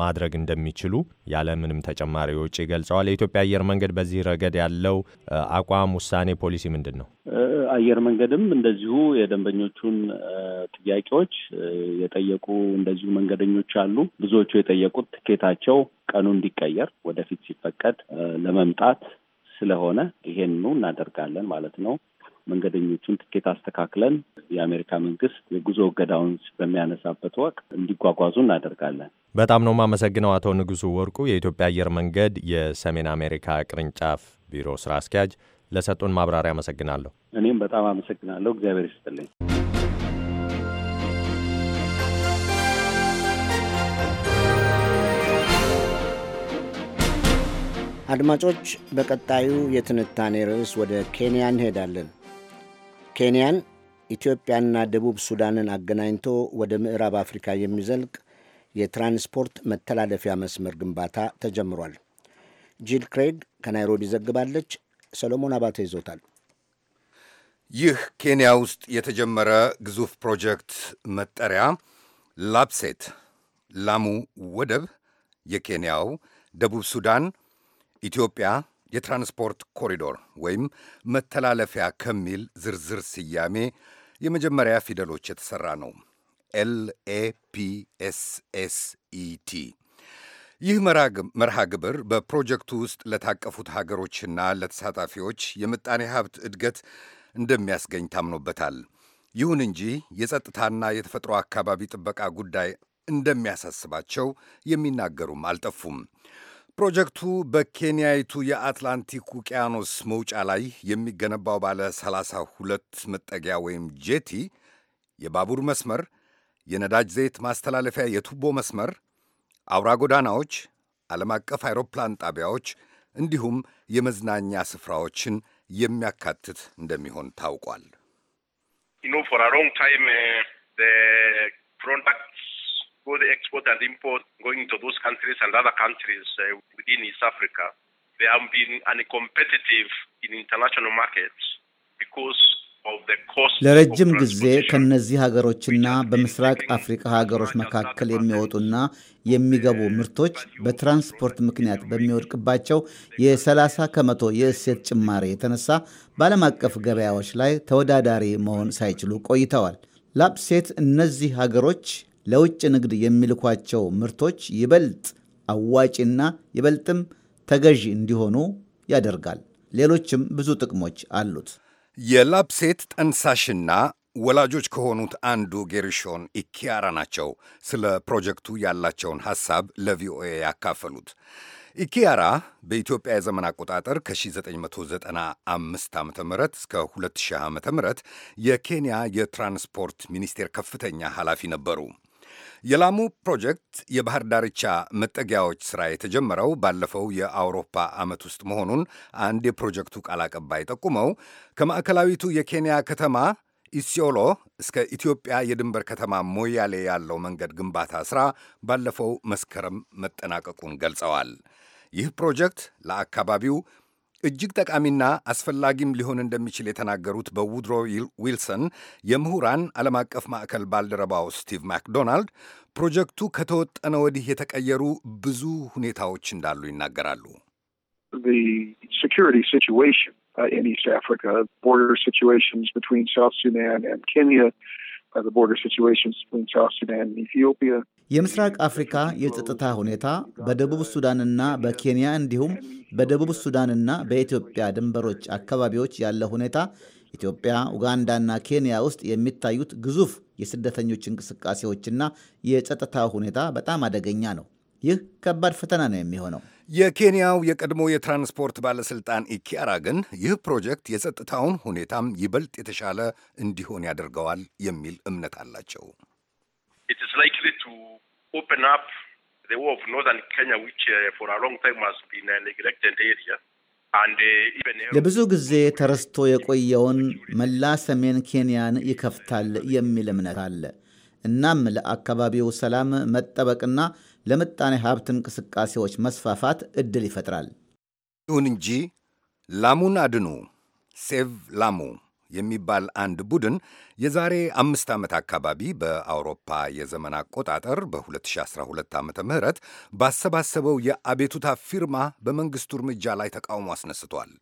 ማድረግ እንደሚችሉ ያለምንም ተጨማሪ ወጪ ገልጸዋል። የኢትዮጵያ አየር መንገድ በዚህ ረገድ ያለው አቋም፣ ውሳኔ፣ ፖሊሲ ምንድን ነው? አየር መንገድም እንደዚሁ የደንበኞቹን ጥያቄዎች የጠየቁ እንደዚሁ መንገደኞች አሉ። ብዙዎቹ የጠየቁት ትኬታቸው ቀኑ እንዲቀየር ወደፊት ሲፈቀድ ለመምጣት ስለሆነ ይሄንኑ እናደርጋለን ማለት ነው። መንገደኞቹን ትኬት አስተካክለን የአሜሪካ መንግስት የጉዞ እገዳውን በሚያነሳበት ወቅት እንዲጓጓዙ እናደርጋለን። በጣም ነው የማመሰግነው አቶ ንጉሱ ወርቁ የኢትዮጵያ አየር መንገድ የሰሜን አሜሪካ ቅርንጫፍ ቢሮ ስራ አስኪያጅ ለሰጡን ማብራሪያ አመሰግናለሁ። እኔም በጣም አመሰግናለሁ። እግዚአብሔር ይስጥልኝ። አድማጮች፣ በቀጣዩ የትንታኔ ርዕስ ወደ ኬንያ እንሄዳለን። ኬንያን ኢትዮጵያና ደቡብ ሱዳንን አገናኝቶ ወደ ምዕራብ አፍሪካ የሚዘልቅ የትራንስፖርት መተላለፊያ መስመር ግንባታ ተጀምሯል። ጂል ክሬግ ከናይሮቢ ዘግባለች። ሰሎሞን አባተ ይዞታል። ይህ ኬንያ ውስጥ የተጀመረ ግዙፍ ፕሮጀክት መጠሪያ ላፕሴት ላሙ ወደብ የኬንያው ደቡብ ሱዳን ኢትዮጵያ የትራንስፖርት ኮሪዶር ወይም መተላለፊያ ከሚል ዝርዝር ስያሜ የመጀመሪያ ፊደሎች የተሠራ ነው። ኤል ይህ መርሃ ግብር በፕሮጀክቱ ውስጥ ለታቀፉት ሀገሮችና ለተሳታፊዎች የምጣኔ ሀብት እድገት እንደሚያስገኝ ታምኖበታል። ይሁን እንጂ የጸጥታና የተፈጥሮ አካባቢ ጥበቃ ጉዳይ እንደሚያሳስባቸው የሚናገሩም አልጠፉም። ፕሮጀክቱ በኬንያይቱ የአትላንቲክ ውቅያኖስ መውጫ ላይ የሚገነባው ባለ 32 መጠጊያ ወይም ጄቲ የባቡር መስመር፣ የነዳጅ ዘይት ማስተላለፊያ የቱቦ መስመር፣ አውራ ጎዳናዎች፣ ዓለም አቀፍ አይሮፕላን ጣቢያዎች እንዲሁም የመዝናኛ ስፍራዎችን የሚያካትት እንደሚሆን ታውቋል። good export and import going to those countries and other countries uh, within East Africa, they have been uncompetitive in international markets because ለረጅም ጊዜ ከእነዚህ ሀገሮችና በምስራቅ አፍሪካ ሀገሮች መካከል የሚወጡና የሚገቡ ምርቶች በትራንስፖርት ምክንያት በሚወድቅባቸው የ30 ከመቶ የእሴት ጭማሪ የተነሳ በዓለም አቀፍ ገበያዎች ላይ ተወዳዳሪ መሆን ሳይችሉ ቆይተዋል። ላፕሴት እነዚህ ሀገሮች ለውጭ ንግድ የሚልኳቸው ምርቶች ይበልጥ አዋጪና ይበልጥም ተገዢ እንዲሆኑ ያደርጋል። ሌሎችም ብዙ ጥቅሞች አሉት። የላፕሴት ጠንሳሽና ወላጆች ከሆኑት አንዱ ጌርሾን ኢኪያራ ናቸው። ስለ ፕሮጀክቱ ያላቸውን ሐሳብ ለቪኦኤ ያካፈሉት ኢኪያራ በኢትዮጵያ የዘመን አቆጣጠር ከ1995 ዓ ም እስከ 2000 ዓ ም የኬንያ የትራንስፖርት ሚኒስቴር ከፍተኛ ኃላፊ ነበሩ። የላሙ ፕሮጀክት የባህር ዳርቻ መጠጊያዎች ሥራ የተጀመረው ባለፈው የአውሮፓ ዓመት ውስጥ መሆኑን አንድ የፕሮጀክቱ ቃል አቀባይ ጠቁመው ከማዕከላዊቱ የኬንያ ከተማ ኢሲዮሎ እስከ ኢትዮጵያ የድንበር ከተማ ሞያሌ ያለው መንገድ ግንባታ ሥራ ባለፈው መስከረም መጠናቀቁን ገልጸዋል። ይህ ፕሮጀክት ለአካባቢው እጅግ ጠቃሚና አስፈላጊም ሊሆን እንደሚችል የተናገሩት በውድሮ ዊልሰን የምሁራን ዓለም አቀፍ ማዕከል ባልደረባው ስቲቭ ማክዶናልድ ፕሮጀክቱ ከተወጠነ ወዲህ የተቀየሩ ብዙ ሁኔታዎች እንዳሉ ይናገራሉ። የምስራቅ አፍሪካ የጸጥታ ሁኔታ በደቡብ ሱዳንና በኬንያ እንዲሁም በደቡብ ሱዳንና በኢትዮጵያ ድንበሮች አካባቢዎች ያለ ሁኔታ ኢትዮጵያ፣ ኡጋንዳና ኬንያ ውስጥ የሚታዩት ግዙፍ የስደተኞች እንቅስቃሴዎችና የጸጥታ ሁኔታ በጣም አደገኛ ነው። ይህ ከባድ ፈተና ነው የሚሆነው። የኬንያው የቀድሞ የትራንስፖርት ባለሥልጣን ኢኪያራ ግን ይህ ፕሮጀክት የጸጥታውን ሁኔታም ይበልጥ የተሻለ እንዲሆን ያደርገዋል የሚል እምነት አላቸው። it is likely to open up the war of northern Kenya, which uh, for a long time has been a neglected area. Uh, ለብዙ ጊዜ ተረስቶ የቆየውን መላ ሰሜን ኬንያን ይከፍታል የሚል እምነት አለ። እናም ለአካባቢው ሰላም መጠበቅና ለምጣኔ ሀብት እንቅስቃሴዎች መስፋፋት እድል ይፈጥራል። ይሁን እንጂ ላሙን አድኑ ሴቭ ላሙ የሚባል አንድ ቡድን የዛሬ አምስት ዓመት አካባቢ በአውሮፓ የዘመን አቆጣጠር በ2012 ዓ ም ባሰባሰበው የአቤቱታ ፊርማ በመንግሥቱ እርምጃ ላይ ተቃውሞ አስነስቷል።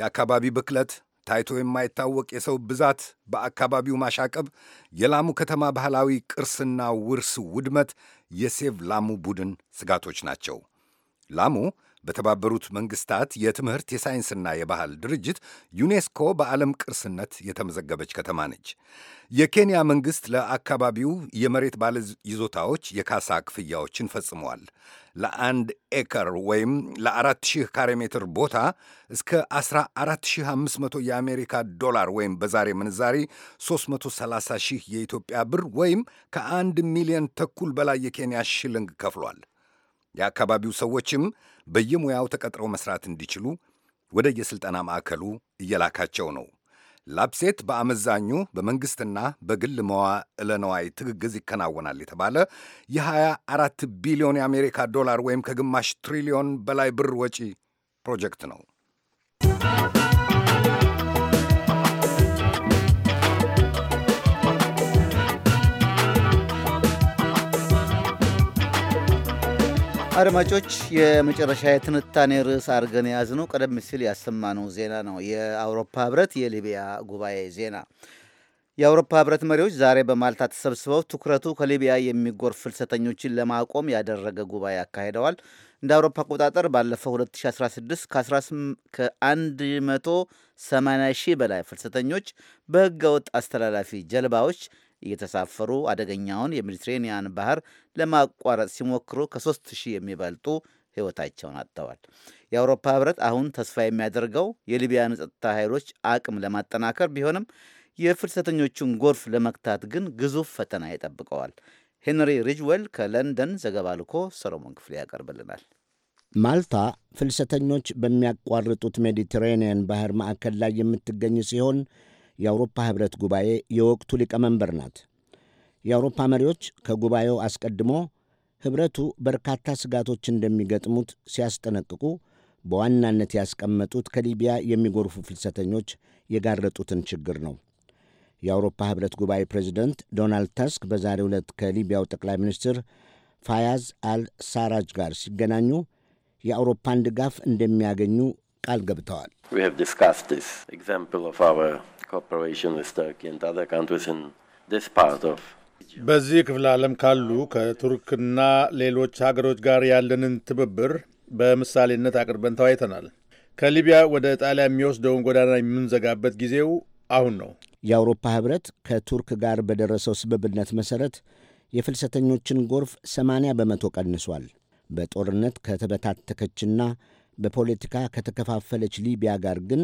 የአካባቢ ብክለት፣ ታይቶ የማይታወቅ የሰው ብዛት፣ በአካባቢው ማሻቀብ፣ የላሙ ከተማ ባህላዊ ቅርስና ውርስ ውድመት የሴቭ ላሙ ቡድን ስጋቶች ናቸው። ላሙ በተባበሩት መንግስታት የትምህርት የሳይንስና የባህል ድርጅት ዩኔስኮ በዓለም ቅርስነት የተመዘገበች ከተማ ነች። የኬንያ መንግሥት ለአካባቢው የመሬት ባለ ይዞታዎች የካሳ ክፍያዎችን ፈጽሟል። ለአንድ ኤከር ወይም ለአራት ሺህ ካሬ ሜትር ቦታ እስከ 14500 የአሜሪካ ዶላር ወይም በዛሬ ምንዛሪ 330 ሺህ የኢትዮጵያ ብር ወይም ከአንድ ሚሊዮን ተኩል በላይ የኬንያ ሽልንግ ከፍሏል። የአካባቢው ሰዎችም በየሙያው ተቀጥረው መስራት እንዲችሉ ወደ የሥልጠና ማዕከሉ እየላካቸው ነው። ላፕሴት በአመዛኙ በመንግሥትና በግል መዋዕለ ነዋይ ትግግዝ ይከናወናል የተባለ የ24 ቢሊዮን የአሜሪካ ዶላር ወይም ከግማሽ ትሪሊዮን በላይ ብር ወጪ ፕሮጀክት ነው። አድማጮች የመጨረሻ የትንታኔ ርዕስ አድርገን የያዝነው ቀደም ሲል ያሰማነው ዜና ነው። የአውሮፓ ህብረት የሊቢያ ጉባኤ ዜና። የአውሮፓ ህብረት መሪዎች ዛሬ በማልታ ተሰብስበው ትኩረቱ ከሊቢያ የሚጎርፍ ፍልሰተኞችን ለማቆም ያደረገ ጉባኤ አካሂደዋል። እንደ አውሮፓ አቆጣጠር ባለፈው 2016 ከ180 ሺህ በላይ ፍልሰተኞች በህገወጥ አስተላላፊ ጀልባዎች እየተሳፈሩ አደገኛውን የሜዲትሬኒያን ባህር ለማቋረጥ ሲሞክሩ ከሶስት ሺህ የሚበልጡ ህይወታቸውን አጥተዋል። የአውሮፓ ህብረት አሁን ተስፋ የሚያደርገው የሊቢያን ጸጥታ ኃይሎች አቅም ለማጠናከር ቢሆንም የፍልሰተኞቹን ጎርፍ ለመግታት ግን ግዙፍ ፈተና ይጠብቀዋል። ሄንሪ ሪጅዌል ከለንደን ዘገባ ልኮ ሰሎሞን ክፍሌ ያቀርብልናል። ማልታ ፍልሰተኞች በሚያቋርጡት ሜዲትሬኒየን ባህር ማዕከል ላይ የምትገኝ ሲሆን የአውሮፓ ኅብረት ጉባኤ የወቅቱ ሊቀመንበር ናት። የአውሮፓ መሪዎች ከጉባኤው አስቀድሞ ኅብረቱ በርካታ ስጋቶች እንደሚገጥሙት ሲያስጠነቅቁ በዋናነት ያስቀመጡት ከሊቢያ የሚጎርፉ ፍልሰተኞች የጋረጡትን ችግር ነው። የአውሮፓ ኅብረት ጉባኤ ፕሬዚደንት ዶናልድ ተስክ በዛሬው ዕለት ከሊቢያው ጠቅላይ ሚኒስትር ፋያዝ አል ሳራጅ ጋር ሲገናኙ የአውሮፓን ድጋፍ እንደሚያገኙ ቃል ገብተዋል። cooperation with Turkey and other countries in this part of በዚህ ክፍለ ዓለም ካሉ ከቱርክና ሌሎች ሀገሮች ጋር ያለንን ትብብር በምሳሌነት አቅርበን ተወያይተናል። ከሊቢያ ወደ ጣሊያ የሚወስደውን ጎዳና የምንዘጋበት ጊዜው አሁን ነው። የአውሮፓ ህብረት ከቱርክ ጋር በደረሰው ስምምነት መሠረት የፍልሰተኞችን ጎርፍ 80 በመቶ ቀንሷል። በጦርነት ከተበታተከችና በፖለቲካ ከተከፋፈለች ሊቢያ ጋር ግን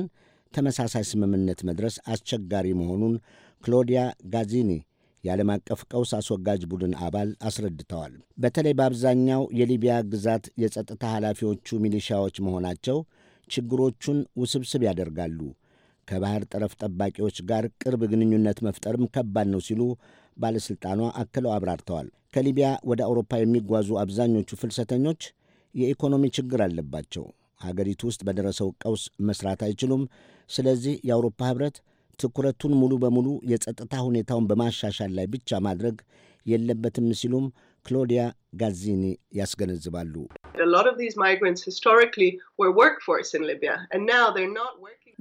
ተመሳሳይ ስምምነት መድረስ አስቸጋሪ መሆኑን ክሎዲያ ጋዚኒ የዓለም አቀፍ ቀውስ አስወጋጅ ቡድን አባል አስረድተዋል። በተለይ በአብዛኛው የሊቢያ ግዛት የጸጥታ ኃላፊዎቹ ሚሊሺያዎች መሆናቸው ችግሮቹን ውስብስብ ያደርጋሉ፣ ከባህር ጠረፍ ጠባቂዎች ጋር ቅርብ ግንኙነት መፍጠርም ከባድ ነው ሲሉ ባለሥልጣኗ አክለው አብራርተዋል። ከሊቢያ ወደ አውሮፓ የሚጓዙ አብዛኞቹ ፍልሰተኞች የኢኮኖሚ ችግር አለባቸው። ሀገሪቱ ውስጥ በደረሰው ቀውስ መስራት አይችሉም። ስለዚህ የአውሮፓ ኅብረት ትኩረቱን ሙሉ በሙሉ የጸጥታ ሁኔታውን በማሻሻል ላይ ብቻ ማድረግ የለበትም ሲሉም ክሎዲያ ጋዚኒ ያስገነዝባሉ።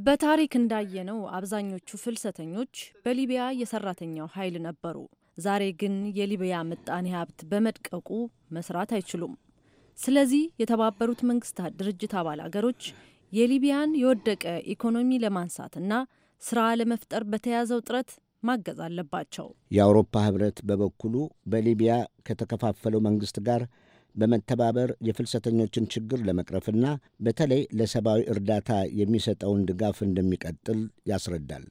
በታሪክ እንዳየነው አብዛኞቹ ፍልሰተኞች በሊቢያ የሰራተኛው ኃይል ነበሩ። ዛሬ ግን የሊቢያ ምጣኔ ሀብት በመድቀቁ መስራት አይችሉም። ስለዚህ የተባበሩት መንግስታት ድርጅት አባል አገሮች የሊቢያን የወደቀ ኢኮኖሚ ለማንሳት እና ስራ ለመፍጠር በተያዘው ጥረት ማገዝ አለባቸው። የአውሮፓ ህብረት በበኩሉ በሊቢያ ከተከፋፈለው መንግስት ጋር በመተባበር የፍልሰተኞችን ችግር ለመቅረፍና በተለይ ለሰብአዊ እርዳታ የሚሰጠውን ድጋፍ እንደሚቀጥል ያስረዳል።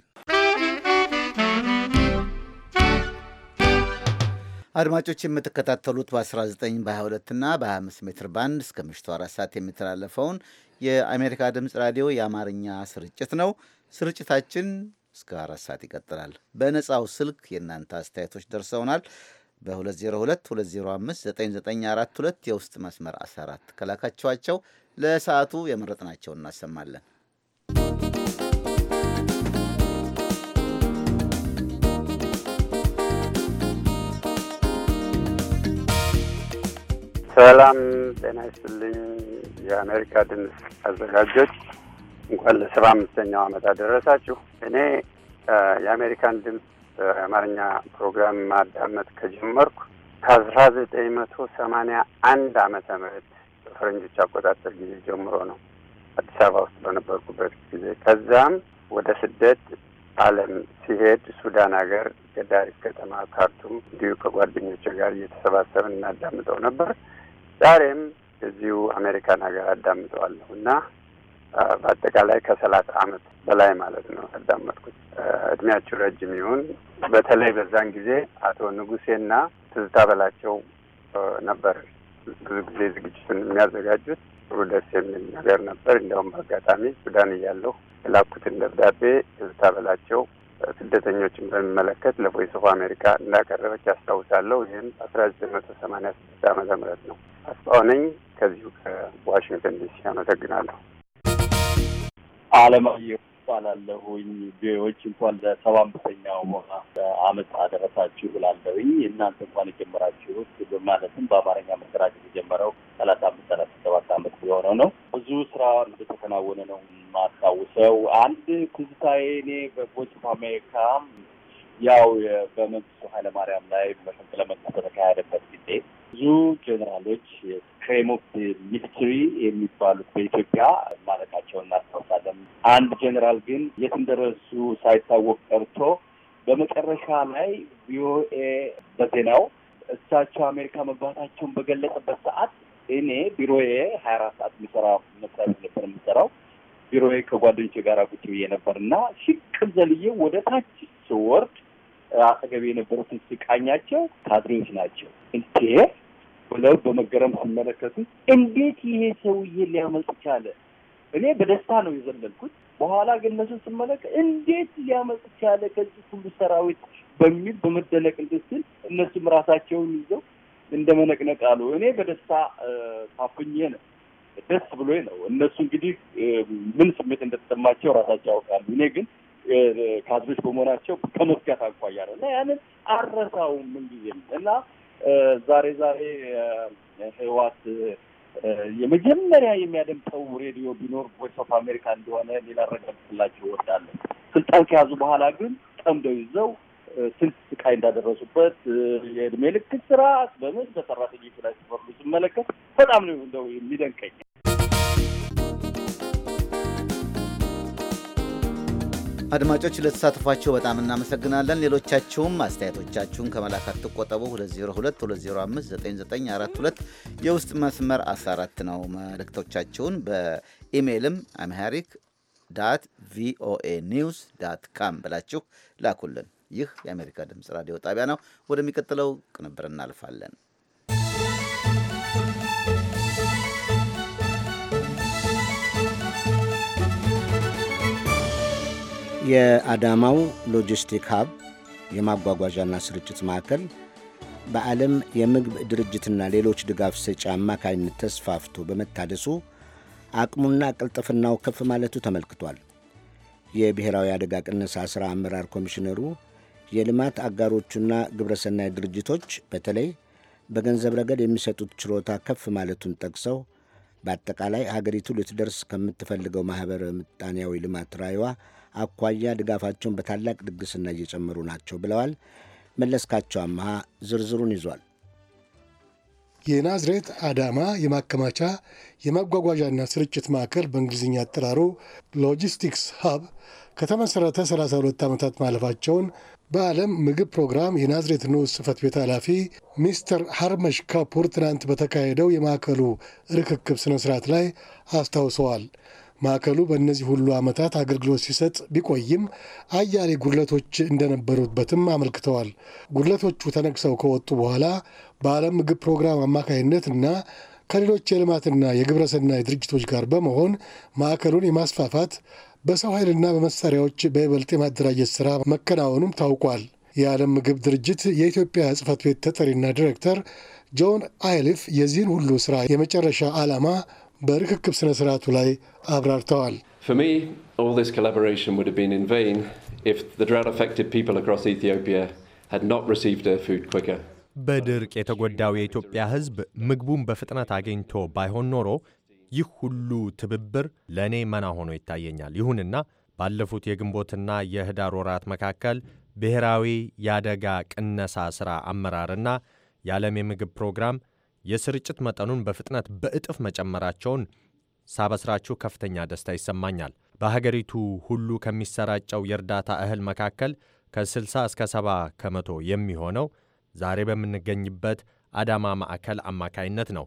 አድማጮች የምትከታተሉት በ19 በ22 እና በ25 ሜትር ባንድ እስከ ምሽቱ አራት ሰዓት የሚተላለፈውን የአሜሪካ ድምፅ ራዲዮ የአማርኛ ስርጭት ነው። ስርጭታችን እስከ አራት ሰዓት ይቀጥላል። በነፃው ስልክ የእናንተ አስተያየቶች ደርሰውናል። በ2022059942 የውስጥ መስመር 14 ከላካችኋቸው ለሰዓቱ የመረጥናቸው እናሰማለን። ሰላም ጤና ይስጥልኝ። የአሜሪካ ድምፅ አዘጋጆች እንኳን ለሰባ አምስተኛው ዓመት አደረሳችሁ። እኔ የአሜሪካን ድምፅ የአማርኛ ፕሮግራም ማዳመጥ ከጀመርኩ ከአስራ ዘጠኝ መቶ ሰማንያ አንድ ዓመተ ምህረት በፈረንጆች አቆጣጠር ጊዜ ጀምሮ ነው አዲስ አበባ ውስጥ በነበርኩበት ጊዜ ከዛም ወደ ስደት ዓለም ሲሄድ ሱዳን ሀገር ገዳሪፍ ከተማ ካርቱም እንዲሁ ከጓደኞች ጋር እየተሰባሰብን እናዳምጠው ነበር። ዛሬም እዚሁ አሜሪካን ሀገር አዳምጠዋለሁ እና በአጠቃላይ ከሰላሳ አመት በላይ ማለት ነው ያዳመጥኩት። እድሜያቸው ረጅም ይሁን። በተለይ በዛን ጊዜ አቶ ንጉሴና ትዝታ በላቸው ነበር ብዙ ጊዜ ዝግጅቱን የሚያዘጋጁት። ጥሩ ደስ የሚል ነገር ነበር። እንዲያውም በአጋጣሚ ሱዳን እያለሁ የላኩትን ደብዳቤ ትዝታ በላቸው ስደተኞችን በሚመለከት ለቮይስ ኦፍ አሜሪካ እንዳቀረበች ያስታውሳለሁ። ይህም አስራ ዘጠኝ መቶ ሰማኒያ ስድስት ዓመተ ምህረት ነው። አስፋው ነኝ ከዚሁ ከዋሽንግተን ዲሲ አመሰግናለሁ። አለማየሁ አላለሁኝ ቪዎች እንኳን ለሰባ አምስተኛው አመት አደረሳችሁ ብላለሁኝ። እናንተ እንኳን የጀመራችሁት ማለትም በአማርኛ መሰራጨት የተጀመረው ሰላሳ አምስት ሰላሳ ሰባት አመት የሆነው ነው። ብዙ ስራ እንደተከናወነ ነው ማስታውሰው። አንድ ትዝታዬ እኔ በቮይስ ኦፍ አሜሪካ ያው በመንግስቱ ኃይለማርያም ላይ መፈንቅለ መንግስት በተካሄደበት ጊዜ ብዙ ጀኔራሎች ክሬም ኦፍ የሚባሉት በኢትዮጵያ ማለቃቸውን እናስታውሳለን። አንድ ጀኔራል ግን የት እንደደረሱ ሳይታወቅ ቀርቶ በመጨረሻ ላይ ቪኦኤ በዜናው እሳቸው አሜሪካ መግባታቸውን በገለጸበት ሰዓት እኔ ቢሮዬ ሀያ አራት ሰዓት የሚሰራ መስሪያ ቤት ነበር የምሰራው። ቢሮዬ ከጓደኞች ጋር ቁጭ ብዬ ነበር እና ሽቅብ ዘልዬ ወደ ታች ስወርድ አጠገቤ የነበሩትን ስቃኛቸው ካድሬዎች ናቸው እንዴ ብለው በመገረም ሲመለከቱ እንዴት ይሄ ሰውዬ ሊያመልጥ ቻለ? እኔ በደስታ ነው የዘለልኩት። በኋላ ግን ነሱ ስመለከት እንዴት ሊያመልጥ ቻለ ከዚህ ሁሉ ሰራዊት በሚል በመደነቅ እንትን ሲል እነሱም ራሳቸውን ይዘው እንደ መነቅነቅ አሉ። እኔ በደስታ ታፍኜ ነው ደስ ብሎ ነው። እነሱ እንግዲህ ምን ስሜት እንደተሰማቸው ራሳቸው ያውቃሉ። እኔ ግን ካድሬዎች በመሆናቸው ከመስጋት አኳያ እና ያንን አረሳውም ምንጊዜም እና ዛሬ ዛሬ ህዋት የመጀመሪያ የሚያደምጠው ሬዲዮ ቢኖር ቮይስ ኦፍ አሜሪካ እንደሆነ ሊላረጋግጥላቸው እወዳለሁ። ስልጣን ከያዙ በኋላ ግን ጠምደው ይዘው ስንት ስቃይ እንዳደረሱበት የእድሜ ልክ ስርዓት በምን በሰራተኞች ላይ ሲፈርዱ ስመለከት በጣም ነው እንደው የሚደንቀኝ። አድማጮች ለተሳትፏቸው በጣም እናመሰግናለን። ሌሎቻችሁም አስተያየቶቻችሁን ከመላክ አትቆጠቡ። 2022059942 የውስጥ መስመር 14 ነው። መልእክቶቻችሁን በኢሜይልም አምሃሪክ ዳት ቪኦኤ ኒውስ ዳት ካም ብላችሁ ላኩልን። ይህ የአሜሪካ ድምፅ ራዲዮ ጣቢያ ነው። ወደሚቀጥለው ቅንብር እናልፋለን። የአዳማው ሎጂስቲክ ሀብ የማጓጓዣና ስርጭት ማዕከል በዓለም የምግብ ድርጅትና ሌሎች ድጋፍ ሰጪ አማካይነት ተስፋፍቶ በመታደሱ አቅሙና ቅልጥፍናው ከፍ ማለቱ ተመልክቷል። የብሔራዊ አደጋ ቅነሳ ሥራ አመራር ኮሚሽነሩ የልማት አጋሮቹና ግብረሰናይ ድርጅቶች በተለይ በገንዘብ ረገድ የሚሰጡት ችሮታ ከፍ ማለቱን ጠቅሰው በአጠቃላይ ሀገሪቱ ልትደርስ ከምትፈልገው ማኅበረ ምጣኔያዊ ልማት ራይዋ አኳያ ድጋፋቸውን በታላቅ ድግስና እየጨመሩ ናቸው ብለዋል። መለስካቸው አመሃ ዝርዝሩን ይዟል። የናዝሬት አዳማ የማከማቻ የማጓጓዣና ስርጭት ማዕከል በእንግሊዝኛ አጠራሩ ሎጂስቲክስ ሀብ ከተመሠረተ 32 ዓመታት ማለፋቸውን በዓለም ምግብ ፕሮግራም የናዝሬት ንዑስ ጽሕፈት ቤት ኃላፊ ሚስተር ሐርመሽ ካፑር ትናንት በተካሄደው የማዕከሉ ርክክብ ሥነ ሥርዓት ላይ አስታውሰዋል። ማዕከሉ በእነዚህ ሁሉ ዓመታት አገልግሎት ሲሰጥ ቢቆይም አያሌ ጉድለቶች እንደነበሩበትም አመልክተዋል። ጉድለቶቹ ተነግሰው ከወጡ በኋላ በዓለም ምግብ ፕሮግራም አማካይነት እና ከሌሎች የልማትና የግብረሰናይ ድርጅቶች ጋር በመሆን ማዕከሉን የማስፋፋት በሰው ኃይልና በመሳሪያዎች በይበልጥ የማደራጀት ሥራ መከናወኑም ታውቋል። የዓለም ምግብ ድርጅት የኢትዮጵያ ጽፈት ቤት ተጠሪና ዲሬክተር ጆን አይሊፍ የዚህን ሁሉ ሥራ የመጨረሻ ዓላማ በርክክብ ስነ ስርዓቱ ላይ አብራርተዋል። በድርቅ የተጎዳው የኢትዮጵያ ሕዝብ ምግቡን በፍጥነት አግኝቶ ባይሆን ኖሮ ይህ ሁሉ ትብብር ለእኔ መና ሆኖ ይታየኛል። ይሁንና ባለፉት የግንቦትና የህዳር ወራት መካከል ብሔራዊ የአደጋ ቅነሳ ሥራ አመራርና የዓለም የምግብ ፕሮግራም የስርጭት መጠኑን በፍጥነት በእጥፍ መጨመራቸውን ሳበስራችሁ ከፍተኛ ደስታ ይሰማኛል። በሀገሪቱ ሁሉ ከሚሰራጨው የእርዳታ እህል መካከል ከ60 እስከ 70 ከመቶ የሚሆነው ዛሬ በምንገኝበት አዳማ ማዕከል አማካይነት ነው።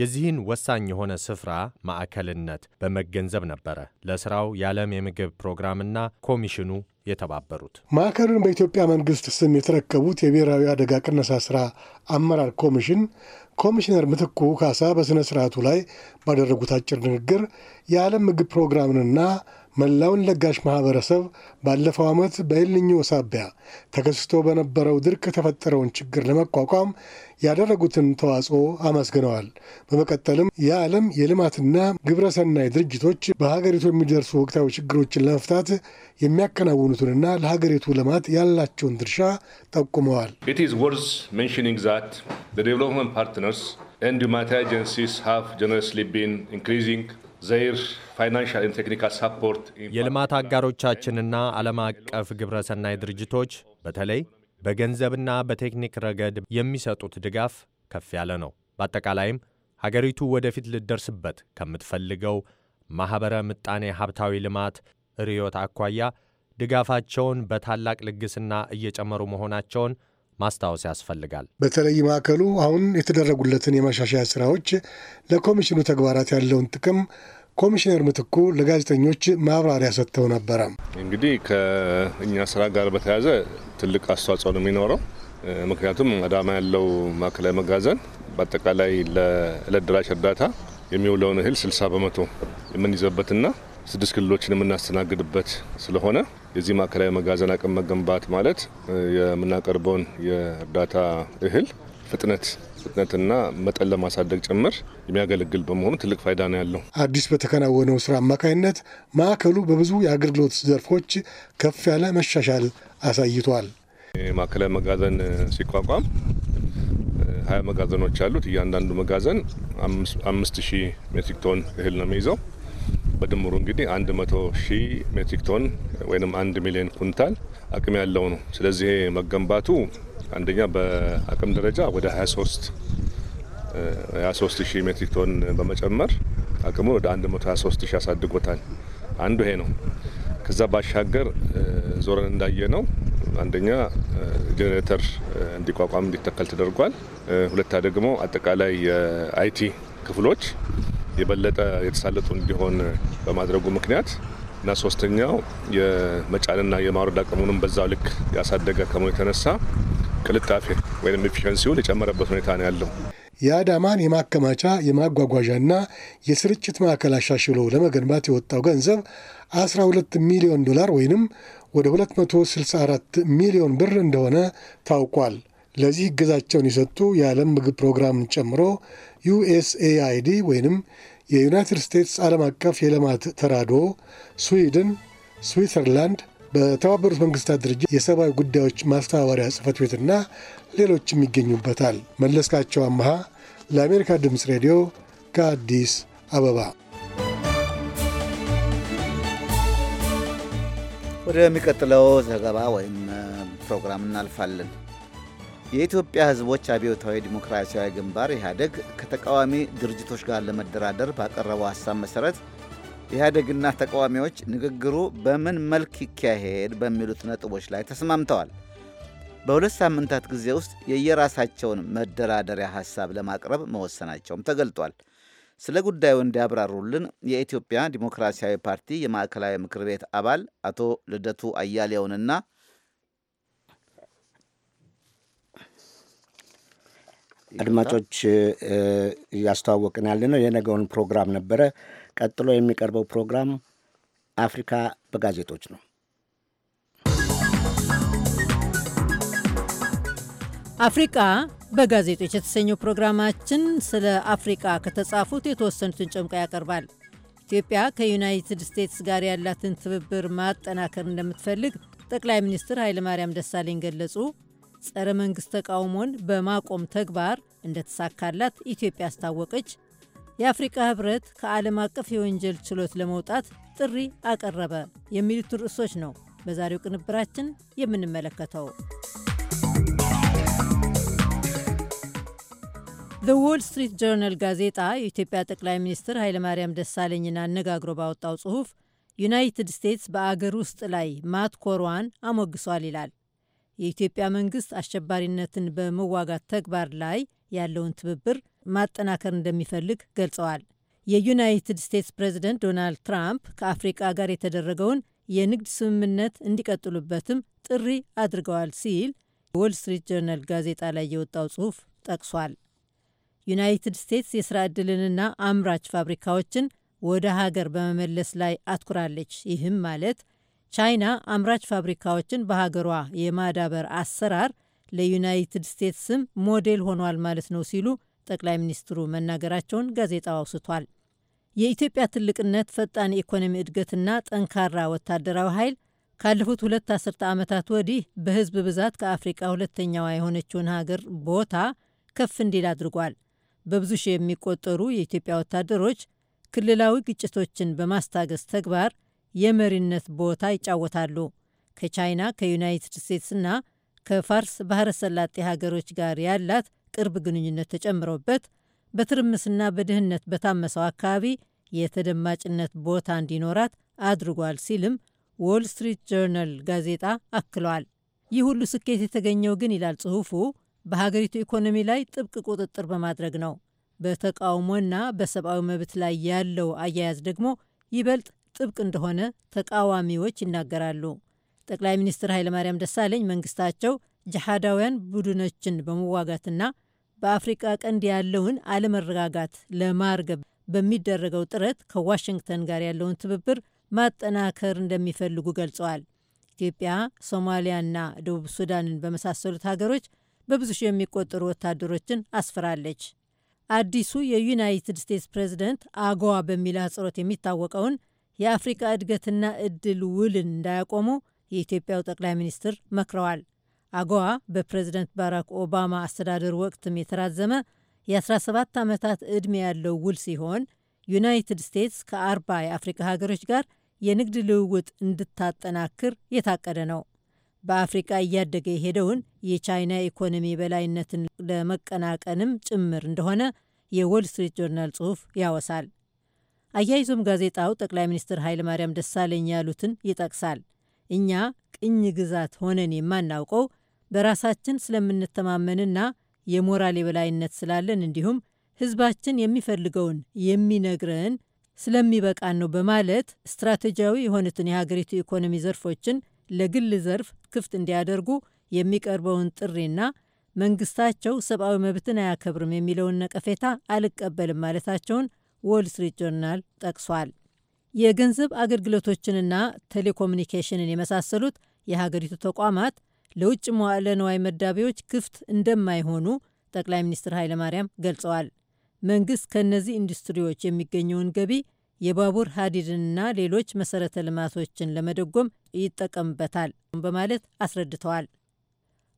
የዚህን ወሳኝ የሆነ ስፍራ ማዕከልነት በመገንዘብ ነበረ ለስራው የዓለም የምግብ ፕሮግራምና ኮሚሽኑ የተባበሩት። ማዕከሉን በኢትዮጵያ መንግስት ስም የተረከቡት የብሔራዊ አደጋ ቅነሳ ስራ አመራር ኮሚሽን ኮሚሽነር ምትኩ ካሳ በሥነ ሥርዓቱ ላይ ባደረጉት አጭር ንግግር የዓለም ምግብ ፕሮግራምንና መላውን ለጋሽ ማህበረሰብ ባለፈው ዓመት በኤልኒኞ ሳቢያ ተከስቶ በነበረው ድርቅ የተፈጠረውን ችግር ለመቋቋም ያደረጉትን ተዋጽኦ አመስግነዋል። በመቀጠልም የዓለም የልማትና ግብረሰናይ ድርጅቶች በሀገሪቱ የሚደርሱ ወቅታዊ ችግሮችን ለመፍታት የሚያከናውኑትንና ለሀገሪቱ ልማት ያላቸውን ድርሻ ጠቁመዋል። ኢት ኢዝ ወርዝ ሜንሽኒንግ ዛት ፓርትነርስ ኤንድ ኤጀንሲስ ሃቭ ጀነረስሊ ቢን ኢንክሪዚንግ የልማት አጋሮቻችንና ዓለም አቀፍ ግብረሰናይ ድርጅቶች በተለይ በገንዘብና በቴክኒክ ረገድ የሚሰጡት ድጋፍ ከፍ ያለ ነው። በአጠቃላይም ሀገሪቱ ወደፊት ልደርስበት ከምትፈልገው ማኅበረ ምጣኔ ሀብታዊ ልማት ርዕዮት አኳያ ድጋፋቸውን በታላቅ ልግስና እየጨመሩ መሆናቸውን ማስታወስ ያስፈልጋል። በተለይ ማዕከሉ አሁን የተደረጉለትን የማሻሻያ ስራዎች፣ ለኮሚሽኑ ተግባራት ያለውን ጥቅም ኮሚሽነር ምትኩ ለጋዜጠኞች ማብራሪያ ሰጥተው ነበረ። እንግዲህ ከእኛ ስራ ጋር በተያያዘ ትልቅ አስተዋጽኦ ነው የሚኖረው። ምክንያቱም አዳማ ያለው ማዕከላዊ መጋዘን በአጠቃላይ ለዕለት ደራሽ እርዳታ የሚውለውን እህል 60 በመቶ የምንይዘበትና ስድስት ክልሎችን የምናስተናግድበት ስለሆነ የዚህ ማዕከላዊ መጋዘን አቅም መገንባት ማለት የምናቀርበውን የእርዳታ እህል ፍጥነት ፍጥነትና መጠን ለማሳደግ ጭምር የሚያገለግል በመሆኑ ትልቅ ፋይዳ ነው ያለው። አዲስ በተከናወነው ስራ አማካኝነት ማዕከሉ በብዙ የአገልግሎት ዘርፎች ከፍ ያለ መሻሻል አሳይቷል። ማዕከላዊ መጋዘን ሲቋቋም ሀያ መጋዘኖች አሉት። እያንዳንዱ መጋዘን አምስት ሺህ ሜትሪክ ቶን እህል ነው የሚይዘው። በድምሩ እንግዲህ አንድ መቶ ሺህ ሜትሪክ ቶን ወይም አንድ ሚሊዮን ኩንታል አቅም ያለው ነው። ስለዚህ መገንባቱ አንደኛ በአቅም ደረጃ ወደ 23 23 ሺህ ሜትሪክ ቶን በመጨመር አቅሙ ወደ 123 ሺህ ያሳድጎታል። አንዱ ይሄ ነው። ከዛ ባሻገር ዞረን እንዳየ ነው አንደኛ ጄኔሬተር እንዲቋቋም እንዲተከል ተደርጓል። ሁለታ ደግሞ አጠቃላይ የአይቲ ክፍሎች የበለጠ የተሳለጡ እንዲሆን በማድረጉ ምክንያት እና ሶስተኛው የመጫንና የማውረድ አቅሙንም በዛው ልክ ያሳደገ ከመሆኑ የተነሳ ቅልጣፌ ወይም ኤፊሽንሲውን የጨመረበት ሁኔታ ነው ያለው። የአዳማን የማከማቻ የማጓጓዣና የስርጭት ማዕከል አሻሽሎ ለመገንባት የወጣው ገንዘብ 12 ሚሊዮን ዶላር ወይንም ወደ 264 ሚሊዮን ብር እንደሆነ ታውቋል። ለዚህ እገዛቸውን የሰጡ የዓለም ምግብ ፕሮግራምን ጨምሮ ዩኤስኤአይዲ ወይንም የዩናይትድ ስቴትስ ዓለም አቀፍ የልማት ተራድኦ፣ ስዊድን፣ ስዊትዘርላንድ፣ በተባበሩት መንግስታት ድርጅት የሰብአዊ ጉዳዮች ማስተባበሪያ ጽህፈት ቤትና ሌሎችም ይገኙበታል። መለስካቸው አመሃ ለአሜሪካ ድምፅ ሬዲዮ ከአዲስ አበባ። ወደሚቀጥለው ዘገባ ወይም ፕሮግራም እናልፋለን። የኢትዮጵያ ሕዝቦች አብዮታዊ ዲሞክራሲያዊ ግንባር ኢህአደግ ከተቃዋሚ ድርጅቶች ጋር ለመደራደር ባቀረበው ሀሳብ መሠረት ኢህአደግና ተቃዋሚዎች ንግግሩ በምን መልክ ይካሄድ በሚሉት ነጥቦች ላይ ተስማምተዋል። በሁለት ሳምንታት ጊዜ ውስጥ የየራሳቸውን መደራደሪያ ሀሳብ ለማቅረብ መወሰናቸውም ተገልጧል። ስለ ጉዳዩ እንዲያብራሩልን የኢትዮጵያ ዲሞክራሲያዊ ፓርቲ የማዕከላዊ ምክር ቤት አባል አቶ ልደቱ አያሌውንና አድማጮች እያስተዋወቅን ያለ ነው የነገውን ፕሮግራም ነበረ። ቀጥሎ የሚቀርበው ፕሮግራም አፍሪካ በጋዜጦች ነው። አፍሪቃ በጋዜጦች የተሰኘው ፕሮግራማችን ስለ አፍሪቃ ከተጻፉት የተወሰኑትን ጨምቆ ያቀርባል። ኢትዮጵያ ከዩናይትድ ስቴትስ ጋር ያላትን ትብብር ማጠናከር እንደምትፈልግ ጠቅላይ ሚኒስትር ኃይለማርያም ደሳለኝ ገለጹ። ጸረ መንግሥት ተቃውሞን በማቆም ተግባር እንደተሳካላት ኢትዮጵያ አስታወቀች። የአፍሪቃ ህብረት ከዓለም አቀፍ የወንጀል ችሎት ለመውጣት ጥሪ አቀረበ የሚሉትን ርዕሶች ነው በዛሬው ቅንብራችን የምንመለከተው። ዘ ዎል ስትሪት ጆርናል ጋዜጣ የኢትዮጵያ ጠቅላይ ሚኒስትር ኃይለማርያም ደሳለኝን አነጋግሮ ባወጣው ጽሑፍ ዩናይትድ ስቴትስ በአገር ውስጥ ላይ ማትኮሯን አሞግሷል ይላል። የኢትዮጵያ መንግስት አሸባሪነትን በመዋጋት ተግባር ላይ ያለውን ትብብር ማጠናከር እንደሚፈልግ ገልጸዋል። የዩናይትድ ስቴትስ ፕሬዚደንት ዶናልድ ትራምፕ ከአፍሪቃ ጋር የተደረገውን የንግድ ስምምነት እንዲቀጥሉበትም ጥሪ አድርገዋል ሲል ወል ስትሪት ጆርናል ጋዜጣ ላይ የወጣው ጽሑፍ ጠቅሷል። ዩናይትድ ስቴትስ የሥራ ዕድልንና አምራች ፋብሪካዎችን ወደ ሀገር በመመለስ ላይ አትኩራለች። ይህም ማለት ቻይና አምራች ፋብሪካዎችን በሀገሯ የማዳበር አሰራር ለዩናይትድ ስቴትስም ሞዴል ሆኗል ማለት ነው ሲሉ ጠቅላይ ሚኒስትሩ መናገራቸውን ጋዜጣው አውስቷል። የኢትዮጵያ ትልቅነት፣ ፈጣን የኢኮኖሚ እድገትና ጠንካራ ወታደራዊ ኃይል ካለፉት ሁለት አስርተ ዓመታት ወዲህ በህዝብ ብዛት ከአፍሪቃ ሁለተኛዋ የሆነችውን ሀገር ቦታ ከፍ እንዲል አድርጓል። በብዙ ሺህ የሚቆጠሩ የኢትዮጵያ ወታደሮች ክልላዊ ግጭቶችን በማስታገስ ተግባር የመሪነት ቦታ ይጫወታሉ። ከቻይና ከዩናይትድ ስቴትስና ከፋርስ ባህረ ሰላጤ ሀገሮች ጋር ያላት ቅርብ ግንኙነት ተጨምሮበት በትርምስና በድህነት በታመሰው አካባቢ የተደማጭነት ቦታ እንዲኖራት አድርጓል ሲልም ዎል ስትሪት ጆርናል ጋዜጣ አክሏል። ይህ ሁሉ ስኬት የተገኘው ግን ይላል ጽሑፉ፣ በሀገሪቱ ኢኮኖሚ ላይ ጥብቅ ቁጥጥር በማድረግ ነው። በተቃውሞና በሰብአዊ መብት ላይ ያለው አያያዝ ደግሞ ይበልጥ ጥብቅ እንደሆነ ተቃዋሚዎች ይናገራሉ። ጠቅላይ ሚኒስትር ኃይለማርያም ደሳለኝ መንግስታቸው ጅሃዳውያን ቡድኖችን በመዋጋትና በአፍሪቃ ቀንድ ያለውን አለመረጋጋት ለማርገብ በሚደረገው ጥረት ከዋሽንግተን ጋር ያለውን ትብብር ማጠናከር እንደሚፈልጉ ገልጸዋል። ኢትዮጵያ፣ ሶማሊያና ደቡብ ሱዳንን በመሳሰሉት ሀገሮች በብዙ ሺህ የሚቆጠሩ ወታደሮችን አስፍራለች። አዲሱ የዩናይትድ ስቴትስ ፕሬዚደንት አጎዋ በሚል አጽሮት የሚታወቀውን የአፍሪቃ እድገትና እድል ውልን እንዳያቆሙ የኢትዮጵያው ጠቅላይ ሚኒስትር መክረዋል። አጎዋ በፕሬዝደንት ባራክ ኦባማ አስተዳደር ወቅትም የተራዘመ የ17 ዓመታት ዕድሜ ያለው ውል ሲሆን ዩናይትድ ስቴትስ ከአርባ የአፍሪካ ሀገሮች ጋር የንግድ ልውውጥ እንድታጠናክር የታቀደ ነው። በአፍሪቃ እያደገ የሄደውን የቻይና ኢኮኖሚ በላይነትን ለመቀናቀንም ጭምር እንደሆነ የዎል ስትሪት ጆርናል ጽሑፍ ያወሳል። አያይዞም ጋዜጣው ጠቅላይ ሚኒስትር ኃይለማርያም ደሳለኝ ያሉትን ይጠቅሳል። እኛ ቅኝ ግዛት ሆነን የማናውቀው በራሳችን ስለምንተማመንና የሞራል የበላይነት ስላለን እንዲሁም ሕዝባችን የሚፈልገውን የሚነግረን ስለሚበቃን ነው በማለት ስትራቴጂያዊ የሆኑትን የሀገሪቱ ኢኮኖሚ ዘርፎችን ለግል ዘርፍ ክፍት እንዲያደርጉ የሚቀርበውን ጥሪና መንግስታቸው ሰብአዊ መብትን አያከብርም የሚለውን ነቀፌታ አልቀበልም ማለታቸውን ወል ስትሪት ጆርናል ጠቅሷል። የገንዘብ አገልግሎቶችንና ቴሌኮሙኒኬሽንን የመሳሰሉት የሀገሪቱ ተቋማት ለውጭ መዋዕለ ነዋይ መዳቢዎች ክፍት እንደማይሆኑ ጠቅላይ ሚኒስትር ኃይለማርያም ገልጸዋል። መንግስት ከእነዚህ ኢንዱስትሪዎች የሚገኘውን ገቢ የባቡር ሀዲድንና ሌሎች መሰረተ ልማቶችን ለመደጎም ይጠቀምበታል በማለት አስረድተዋል።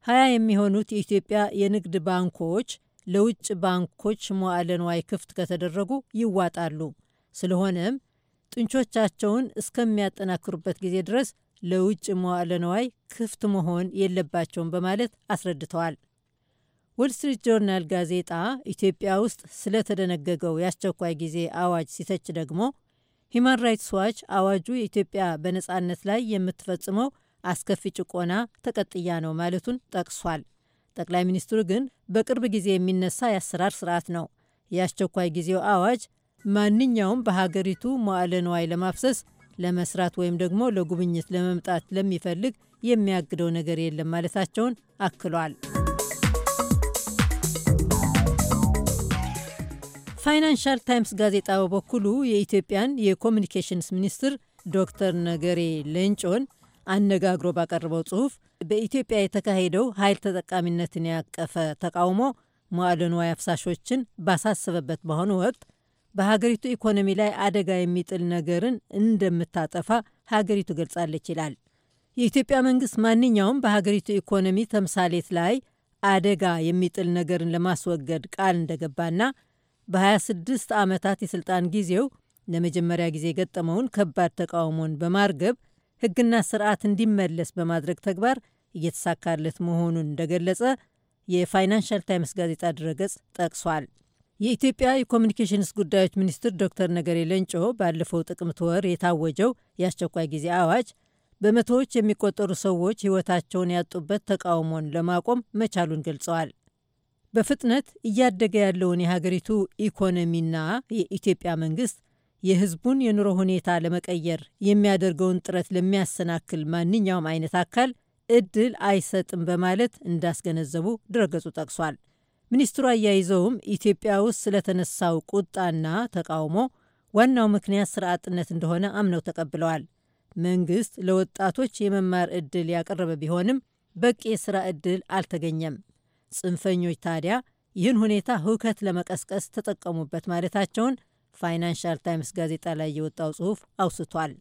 ሀያ የሚሆኑት የኢትዮጵያ የንግድ ባንኮች ለውጭ ባንኮች መዋዕለ ንዋይ ክፍት ከተደረጉ ይዋጣሉ። ስለሆነም ጥንቾቻቸውን እስከሚያጠናክሩበት ጊዜ ድረስ ለውጭ መዋዕለ ንዋይ ክፍት መሆን የለባቸውም በማለት አስረድተዋል። ወልስትሪት ጆርናል ጋዜጣ ኢትዮጵያ ውስጥ ስለተደነገገው የአስቸኳይ ጊዜ አዋጅ ሲተች ደግሞ ሂማን ራይትስ ዋች አዋጁ የኢትዮጵያ በነፃነት ላይ የምትፈጽመው አስከፊ ጭቆና ተቀጥያ ነው ማለቱን ጠቅሷል። ጠቅላይ ሚኒስትሩ ግን በቅርብ ጊዜ የሚነሳ የአሰራር ስርዓት ነው፣ የአስቸኳይ ጊዜው አዋጅ ማንኛውም በሀገሪቱ መዋዕለ ንዋይ ለማፍሰስ ለመስራት ወይም ደግሞ ለጉብኝት ለመምጣት ለሚፈልግ የሚያግደው ነገር የለም ማለታቸውን አክሏል። ፋይናንሻል ታይምስ ጋዜጣ በበኩሉ የኢትዮጵያን የኮሚኒኬሽንስ ሚኒስትር ዶክተር ነገሬ ሌንጮን አነጋግሮ ባቀረበው ጽሑፍ በኢትዮጵያ የተካሄደው ኃይል ተጠቃሚነትን ያቀፈ ተቃውሞ መዋዕለ ንዋይ አፍሳሾችን ባሳሰበበት በአሁኑ ወቅት በሀገሪቱ ኢኮኖሚ ላይ አደጋ የሚጥል ነገርን እንደምታጠፋ ሀገሪቱ ገልጻለች ይላል። የኢትዮጵያ መንግስት ማንኛውም በሀገሪቱ ኢኮኖሚ ተምሳሌት ላይ አደጋ የሚጥል ነገርን ለማስወገድ ቃል እንደገባና በ26 ዓመታት የሥልጣን ጊዜው ለመጀመሪያ ጊዜ የገጠመውን ከባድ ተቃውሞን በማርገብ ሕግና ስርዓት እንዲመለስ በማድረግ ተግባር እየተሳካለት መሆኑን እንደገለጸ የፋይናንሻል ታይምስ ጋዜጣ ድረገጽ ጠቅሷል። የኢትዮጵያ የኮሚኒኬሽንስ ጉዳዮች ሚኒስትር ዶክተር ነገሬ ለንጮ ባለፈው ጥቅምት ወር የታወጀው የአስቸኳይ ጊዜ አዋጅ በመቶዎች የሚቆጠሩ ሰዎች ሕይወታቸውን ያጡበት ተቃውሞን ለማቆም መቻሉን ገልጸዋል። በፍጥነት እያደገ ያለውን የሀገሪቱ ኢኮኖሚና የኢትዮጵያ መንግስት የህዝቡን የኑሮ ሁኔታ ለመቀየር የሚያደርገውን ጥረት ለሚያሰናክል ማንኛውም አይነት አካል እድል አይሰጥም በማለት እንዳስገነዘቡ ድረገጹ ጠቅሷል። ሚኒስትሩ አያይዘውም ኢትዮጵያ ውስጥ ስለተነሳው ቁጣና ተቃውሞ ዋናው ምክንያት ስራ አጥነት እንደሆነ አምነው ተቀብለዋል። መንግስት ለወጣቶች የመማር እድል ያቀረበ ቢሆንም በቂ የስራ እድል አልተገኘም። ጽንፈኞች ታዲያ ይህን ሁኔታ ህውከት ለመቀስቀስ ተጠቀሙበት ማለታቸውን ፋይናንሻል ታይምስ ጋዜጣ ላይ የወጣው ጽሑፍ አውስቷል።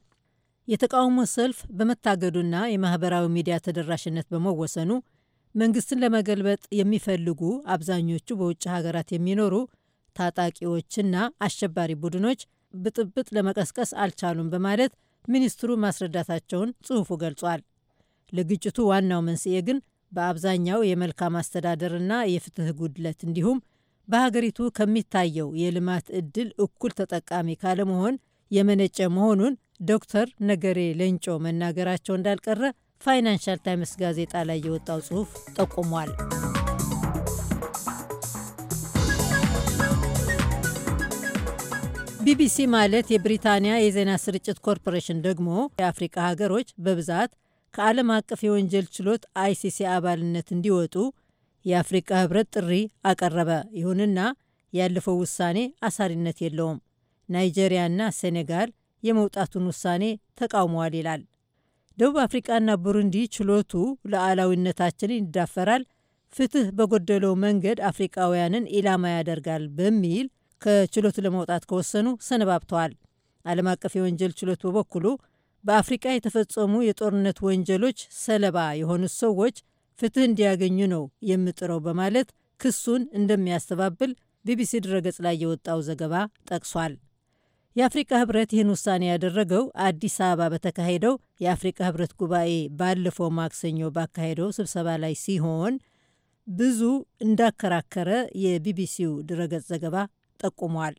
የተቃውሞ ሰልፍ በመታገዱና የማኅበራዊ ሚዲያ ተደራሽነት በመወሰኑ መንግስትን ለመገልበጥ የሚፈልጉ አብዛኞቹ በውጭ ሀገራት የሚኖሩ ታጣቂዎችና አሸባሪ ቡድኖች ብጥብጥ ለመቀስቀስ አልቻሉም በማለት ሚኒስትሩ ማስረዳታቸውን ጽሑፉ ገልጿል። ለግጭቱ ዋናው መንስኤ ግን በአብዛኛው የመልካም አስተዳደርና የፍትህ ጉድለት እንዲሁም በሀገሪቱ ከሚታየው የልማት እድል እኩል ተጠቃሚ ካለመሆን የመነጨ መሆኑን ዶክተር ነገሬ ለንጮ መናገራቸው እንዳልቀረ ፋይናንሻል ታይምስ ጋዜጣ ላይ የወጣው ጽሑፍ ጠቁሟል። ቢቢሲ ማለት የብሪታንያ የዜና ስርጭት ኮርፖሬሽን ደግሞ የአፍሪቃ ሀገሮች በብዛት ከዓለም አቀፍ የወንጀል ችሎት አይሲሲ አባልነት እንዲወጡ የአፍሪቃ ህብረት ጥሪ አቀረበ። ይሁንና ያለፈው ውሳኔ አሳሪነት የለውም፣ ናይጄሪያና ሴኔጋል የመውጣቱን ውሳኔ ተቃውመዋል ይላል። ደቡብ አፍሪቃና ቡሩንዲ ችሎቱ ሉዓላዊነታችንን ይዳፈራል፣ ፍትህ በጎደለው መንገድ አፍሪቃውያንን ኢላማ ያደርጋል በሚል ከችሎቱ ለመውጣት ከወሰኑ ሰነባብተዋል። ዓለም አቀፍ የወንጀል ችሎት በበኩሉ በአፍሪቃ የተፈጸሙ የጦርነት ወንጀሎች ሰለባ የሆኑት ሰዎች ፍትህ እንዲያገኙ ነው የምጥረው በማለት ክሱን እንደሚያስተባብል ቢቢሲ ድረገጽ ላይ የወጣው ዘገባ ጠቅሷል። የአፍሪካ ህብረት ይህን ውሳኔ ያደረገው አዲስ አበባ በተካሄደው የአፍሪካ ህብረት ጉባኤ ባለፈው ማክሰኞ ባካሄደው ስብሰባ ላይ ሲሆን ብዙ እንዳከራከረ የቢቢሲው ድረገጽ ዘገባ ጠቁሟል።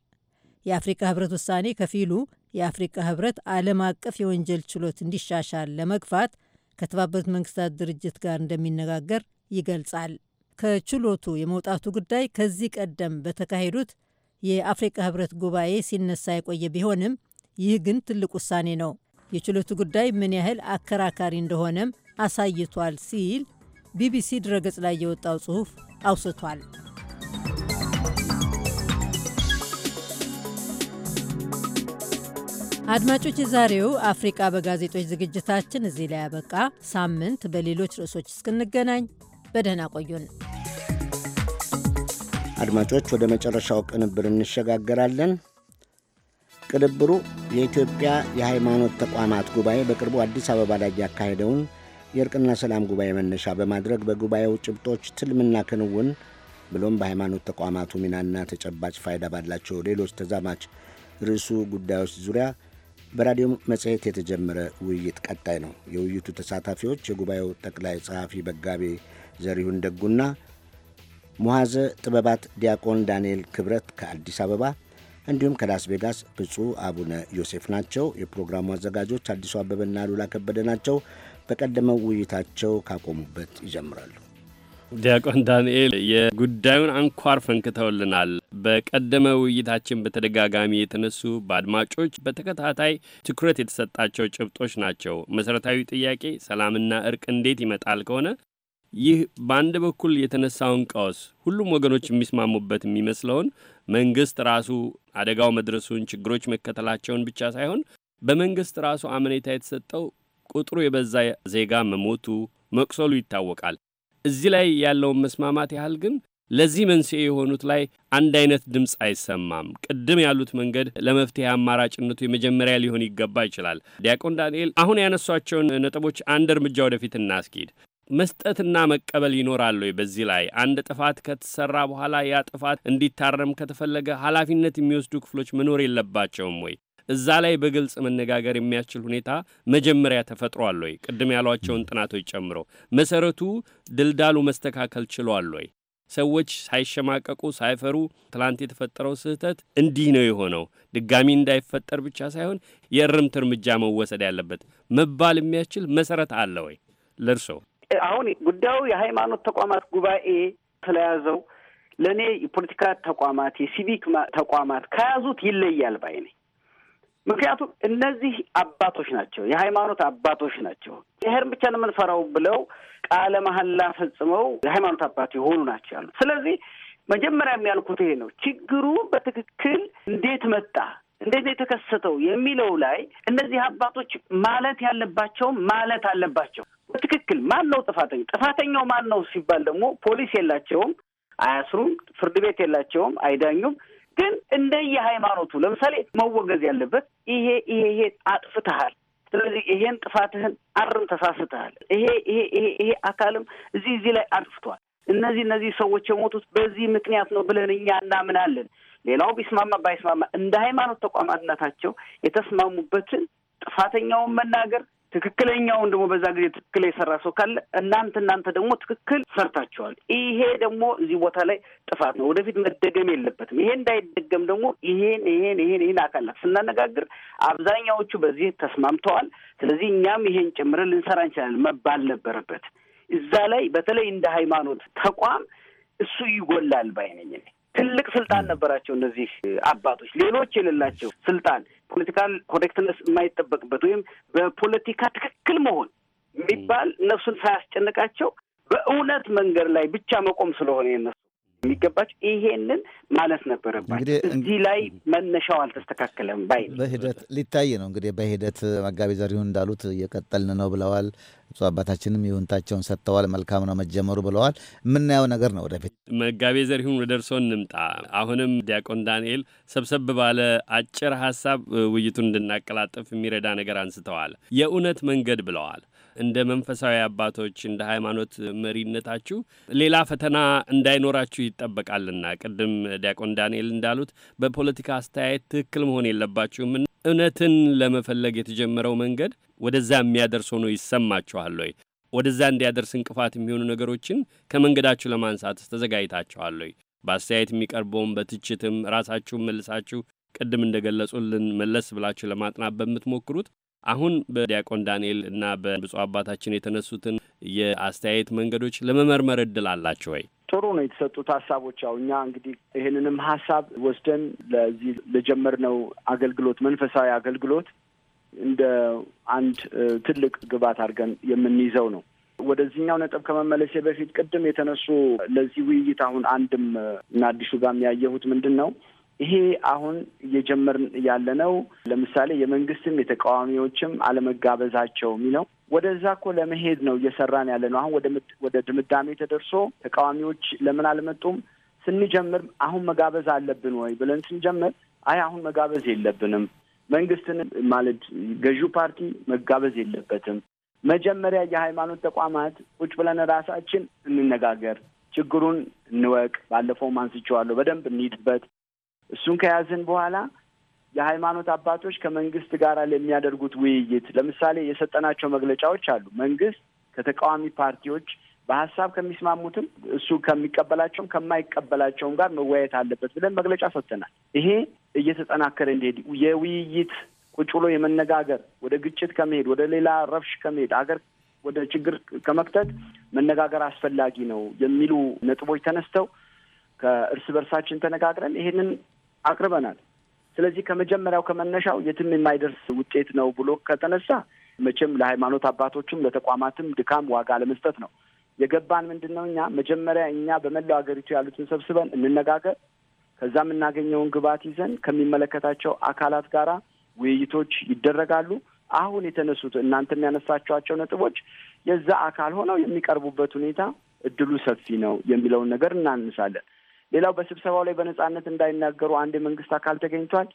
የአፍሪካ ህብረት ውሳኔ ከፊሉ የአፍሪካ ህብረት ዓለም አቀፍ የወንጀል ችሎት እንዲሻሻል ለመግፋት ከተባበሩት መንግስታት ድርጅት ጋር እንደሚነጋገር ይገልጻል። ከችሎቱ የመውጣቱ ጉዳይ ከዚህ ቀደም በተካሄዱት የአፍሪቃ ህብረት ጉባኤ ሲነሳ የቆየ ቢሆንም ይህ ግን ትልቅ ውሳኔ ነው። የችሎቱ ጉዳይ ምን ያህል አከራካሪ እንደሆነም አሳይቷል ሲል ቢቢሲ ድረገጽ ላይ የወጣው ጽሑፍ አውስቷል። አድማጮች፣ የዛሬው አፍሪቃ በጋዜጦች ዝግጅታችን እዚህ ላይ ያበቃ። ሳምንት በሌሎች ርዕሶች እስክንገናኝ በደህና ቆዩን። አድማጮች፣ ወደ መጨረሻው ቅንብር እንሸጋገራለን። ቅንብሩ የኢትዮጵያ የሃይማኖት ተቋማት ጉባኤ በቅርቡ አዲስ አበባ ላይ ያካሄደውን የእርቅና ሰላም ጉባኤ መነሻ በማድረግ በጉባኤው ጭብጦች፣ ትልምና ክንውን ብሎም በሃይማኖት ተቋማቱ ሚናና ተጨባጭ ፋይዳ ባላቸው ሌሎች ተዛማች ርዕሱ ጉዳዮች ዙሪያ በራዲዮ መጽሔት የተጀመረ ውይይት ቀጣይ ነው። የውይይቱ ተሳታፊዎች የጉባኤው ጠቅላይ ጸሐፊ መጋቤ ዘሪሁን ደጉና ሙሐዘ ጥበባት ዲያቆን ዳንኤል ክብረት ከአዲስ አበባ እንዲሁም ከላስ ቬጋስ ብፁዕ አቡነ ዮሴፍ ናቸው። የፕሮግራሙ አዘጋጆች አዲሱ አበበና ሉላ ከበደ ናቸው። በቀደመው ውይይታቸው ካቆሙበት ይጀምራሉ። ዲያቆን ዳንኤል የጉዳዩን አንኳር ፈንክተውልናል። በቀደመ ውይይታችን በተደጋጋሚ የተነሱ በአድማጮች በተከታታይ ትኩረት የተሰጣቸው ጭብጦች ናቸው። መሰረታዊ ጥያቄ ሰላምና እርቅ እንዴት ይመጣል ከሆነ ይህ በአንድ በኩል የተነሳውን ቀውስ ሁሉም ወገኖች የሚስማሙበት የሚመስለውን መንግስት ራሱ አደጋው መድረሱን ችግሮች መከተላቸውን ብቻ ሳይሆን በመንግስት ራሱ አመኔታ የተሰጠው ቁጥሩ የበዛ ዜጋ መሞቱ መቁሰሉ ይታወቃል። እዚህ ላይ ያለውን መስማማት ያህል ግን ለዚህ መንስኤ የሆኑት ላይ አንድ አይነት ድምፅ አይሰማም። ቅድም ያሉት መንገድ ለመፍትሄ አማራጭነቱ የመጀመሪያ ሊሆን ይገባ ይችላል። ዲያቆን ዳንኤል አሁን ያነሷቸውን ነጥቦች አንድ እርምጃ ወደፊት እናስኪድ። መስጠትና መቀበል ይኖራል ወይ? በዚህ ላይ አንድ ጥፋት ከተሰራ በኋላ ያ ጥፋት እንዲታረም ከተፈለገ ኃላፊነት የሚወስዱ ክፍሎች መኖር የለባቸውም ወይ? እዛ ላይ በግልጽ መነጋገር የሚያስችል ሁኔታ መጀመሪያ ተፈጥሯል ወይ? ቅድም ያሏቸውን ጥናቶች ጨምሮ መሰረቱ ድልዳሉ መስተካከል ችሏል ወይ? ሰዎች ሳይሸማቀቁ ሳይፈሩ ትላንት የተፈጠረው ስህተት እንዲህ ነው የሆነው ድጋሚ እንዳይፈጠር ብቻ ሳይሆን የእርምት እርምጃ መወሰድ ያለበት መባል የሚያስችል መሰረት አለ ወይ ለእርሶ? አሁን ጉዳዩ የሃይማኖት ተቋማት ጉባኤ ስለያዘው ለእኔ የፖለቲካ ተቋማት የሲቪክ ተቋማት ከያዙት ይለያል ባይ ነኝ። ምክንያቱም እነዚህ አባቶች ናቸው፣ የሃይማኖት አባቶች ናቸው። ይሄን ብቻ ነው የምንፈራው ብለው ቃለ መሐላ ፈጽመው የሃይማኖት አባት የሆኑ ናቸው ያሉ። ስለዚህ መጀመሪያ የሚያልኩት ይሄ ነው። ችግሩ በትክክል እንዴት መጣ እንዴት የተከሰተው የሚለው ላይ እነዚህ አባቶች ማለት ያለባቸውም ማለት አለባቸው። በትክክል ማን ነው ጥፋተኛ? ጥፋተኛው ማን ነው ሲባል ደግሞ ፖሊስ የላቸውም፣ አያስሩም። ፍርድ ቤት የላቸውም፣ አይዳኙም። ግን እንደየ ሃይማኖቱ ለምሳሌ መወገዝ ያለበት ይሄ ይሄ ይሄ አጥፍተሃል፣ ስለዚህ ይሄን ጥፋትህን አርም፣ ተሳስተሃል፣ ይሄ ይሄ ይሄ ይሄ አካልም እዚህ እዚህ ላይ አጥፍቷል፣ እነዚህ እነዚህ ሰዎች የሞቱት በዚህ ምክንያት ነው ብለን እኛ እናምናለን። ሌላው ቢስማማ ባይስማማ እንደ ሃይማኖት ተቋማትነታቸው የተስማሙበትን ጥፋተኛውን መናገር ትክክለኛውን ደግሞ በዛ ጊዜ ትክክል የሰራ ሰው ካለ እናንተ እናንተ ደግሞ ትክክል ሰርታችኋል። ይሄ ደግሞ እዚህ ቦታ ላይ ጥፋት ነው፣ ወደፊት መደገም የለበትም። ይሄ እንዳይደገም ደግሞ ይሄን ይሄን ይሄን ይሄን አካላት ስናነጋግር አብዛኛዎቹ በዚህ ተስማምተዋል። ስለዚህ እኛም ይሄን ጨምረን ልንሰራ እንችላለን መባል ነበረበት። እዛ ላይ በተለይ እንደ ሃይማኖት ተቋም እሱ ይጎላል ባይነኝ። ትልቅ ስልጣን ነበራቸው እነዚህ አባቶች፣ ሌሎች የሌላቸው ስልጣን ፖለቲካል ኮሬክትነስ የማይጠበቅበት ወይም በፖለቲካ ትክክል መሆን የሚባል ነፍሱን ሳያስጨንቃቸው በእውነት መንገድ ላይ ብቻ መቆም ስለሆነ የነ የሚገባቸው ይሄንን ማለት ነበረባቸው። እዚህ ላይ መነሻው አልተስተካከለም ባይ በሂደት ሊታይ ነው እንግዲህ በሂደት መጋቢ ዘሪሁን እንዳሉት እየቀጠልን ነው ብለዋል። ብፁዕ አባታችንም ይሁንታቸውን ሰጥተዋል። መልካም ነው መጀመሩ ብለዋል። የምናየው ነገር ነው ወደፊት። መጋቤ ዘሪሁን ወደ እርስዎ እንምጣ። አሁንም ዲያቆን ዳንኤል ሰብሰብ ባለ አጭር ሀሳብ ውይይቱን እንድናቀላጥፍ የሚረዳ ነገር አንስተዋል። የእውነት መንገድ ብለዋል። እንደ መንፈሳዊ አባቶች እንደ ሃይማኖት መሪነታችሁ ሌላ ፈተና እንዳይኖራችሁ ይጠበቃልና ቅድም ዲያቆን ዳንኤል እንዳሉት በፖለቲካ አስተያየት ትክክል መሆን የለባችሁም። እውነትን ለመፈለግ የተጀመረው መንገድ ወደዛ የሚያደርስ ሆኖ ይሰማችኋል ወይ? ወደዛ እንዲያደርስ እንቅፋት የሚሆኑ ነገሮችን ከመንገዳችሁ ለማንሳትስ ተዘጋጅታችኋል ወይ? በአስተያየት የሚቀርበውም በትችትም ራሳችሁ መልሳችሁ ቅድም እንደገለጹልን መለስ ብላችሁ ለማጥናት በምትሞክሩት አሁን በዲያቆን ዳንኤል እና በብፁ አባታችን የተነሱትን የአስተያየት መንገዶች ለመመርመር እድል አላቸው ወይ? ጥሩ ነው የተሰጡት ሀሳቦች። ያው እኛ እንግዲህ ይህንንም ሀሳብ ወስደን ለዚህ ለጀመርነው አገልግሎት መንፈሳዊ አገልግሎት እንደ አንድ ትልቅ ግብዓት አድርገን የምንይዘው ነው። ወደዚህኛው ነጥብ ከመመለሴ በፊት ቅድም የተነሱ ለዚህ ውይይት አሁን አንድም እና አዲሱ ጋር የሚያየሁት ምንድን ነው ይሄ አሁን እየጀመርን ያለነው ለምሳሌ የመንግስትም የተቃዋሚዎችም አለመጋበዛቸው የሚለው ወደዛ እኮ ለመሄድ ነው እየሰራን ያለ ነው። አሁን ወደ ድምዳሜ ተደርሶ ተቃዋሚዎች ለምን አልመጡም ስንጀምር አሁን መጋበዝ አለብን ወይ ብለን ስንጀምር አይ አሁን መጋበዝ የለብንም መንግስትን ማለት ገዢው ፓርቲ መጋበዝ የለበትም። መጀመሪያ የሃይማኖት ተቋማት ቁጭ ብለን ራሳችን እንነጋገር፣ ችግሩን እንወቅ። ባለፈው አንስቼዋለሁ። በደንብ እንሂድበት። እሱን ከያዝን በኋላ የሃይማኖት አባቶች ከመንግስት ጋር ለሚያደርጉት ውይይት ለምሳሌ የሰጠናቸው መግለጫዎች አሉ። መንግስት ከተቃዋሚ ፓርቲዎች በሀሳብ ከሚስማሙትም እሱ ከሚቀበላቸውም ከማይቀበላቸውም ጋር መወያየት አለበት ብለን መግለጫ ሰጥተናል። ይሄ እየተጠናከረ እንዲሄድ የውይይት ቁጭ ብሎ የመነጋገር ወደ ግጭት ከመሄድ ወደ ሌላ ረብሽ ከመሄድ አገር ወደ ችግር ከመክተት መነጋገር አስፈላጊ ነው የሚሉ ነጥቦች ተነስተው ከእርስ በርሳችን ተነጋግረን ይሄንን አቅርበናል። ስለዚህ ከመጀመሪያው ከመነሻው የትም የማይደርስ ውጤት ነው ብሎ ከተነሳ መቼም ለሃይማኖት አባቶችም ለተቋማትም ድካም ዋጋ ለመስጠት ነው። የገባን ምንድን ነው? እኛ መጀመሪያ እኛ በመላው ሀገሪቱ ያሉትን ሰብስበን እንነጋገር፣ ከዛ የምናገኘውን ግብዓት ይዘን ከሚመለከታቸው አካላት ጋር ውይይቶች ይደረጋሉ። አሁን የተነሱት እናንተ የሚያነሳቸዋቸው ነጥቦች የዛ አካል ሆነው የሚቀርቡበት ሁኔታ እድሉ ሰፊ ነው የሚለውን ነገር እናንሳለን። ሌላው በስብሰባው ላይ በነጻነት እንዳይናገሩ አንድ የመንግስት አካል ተገኝቷል።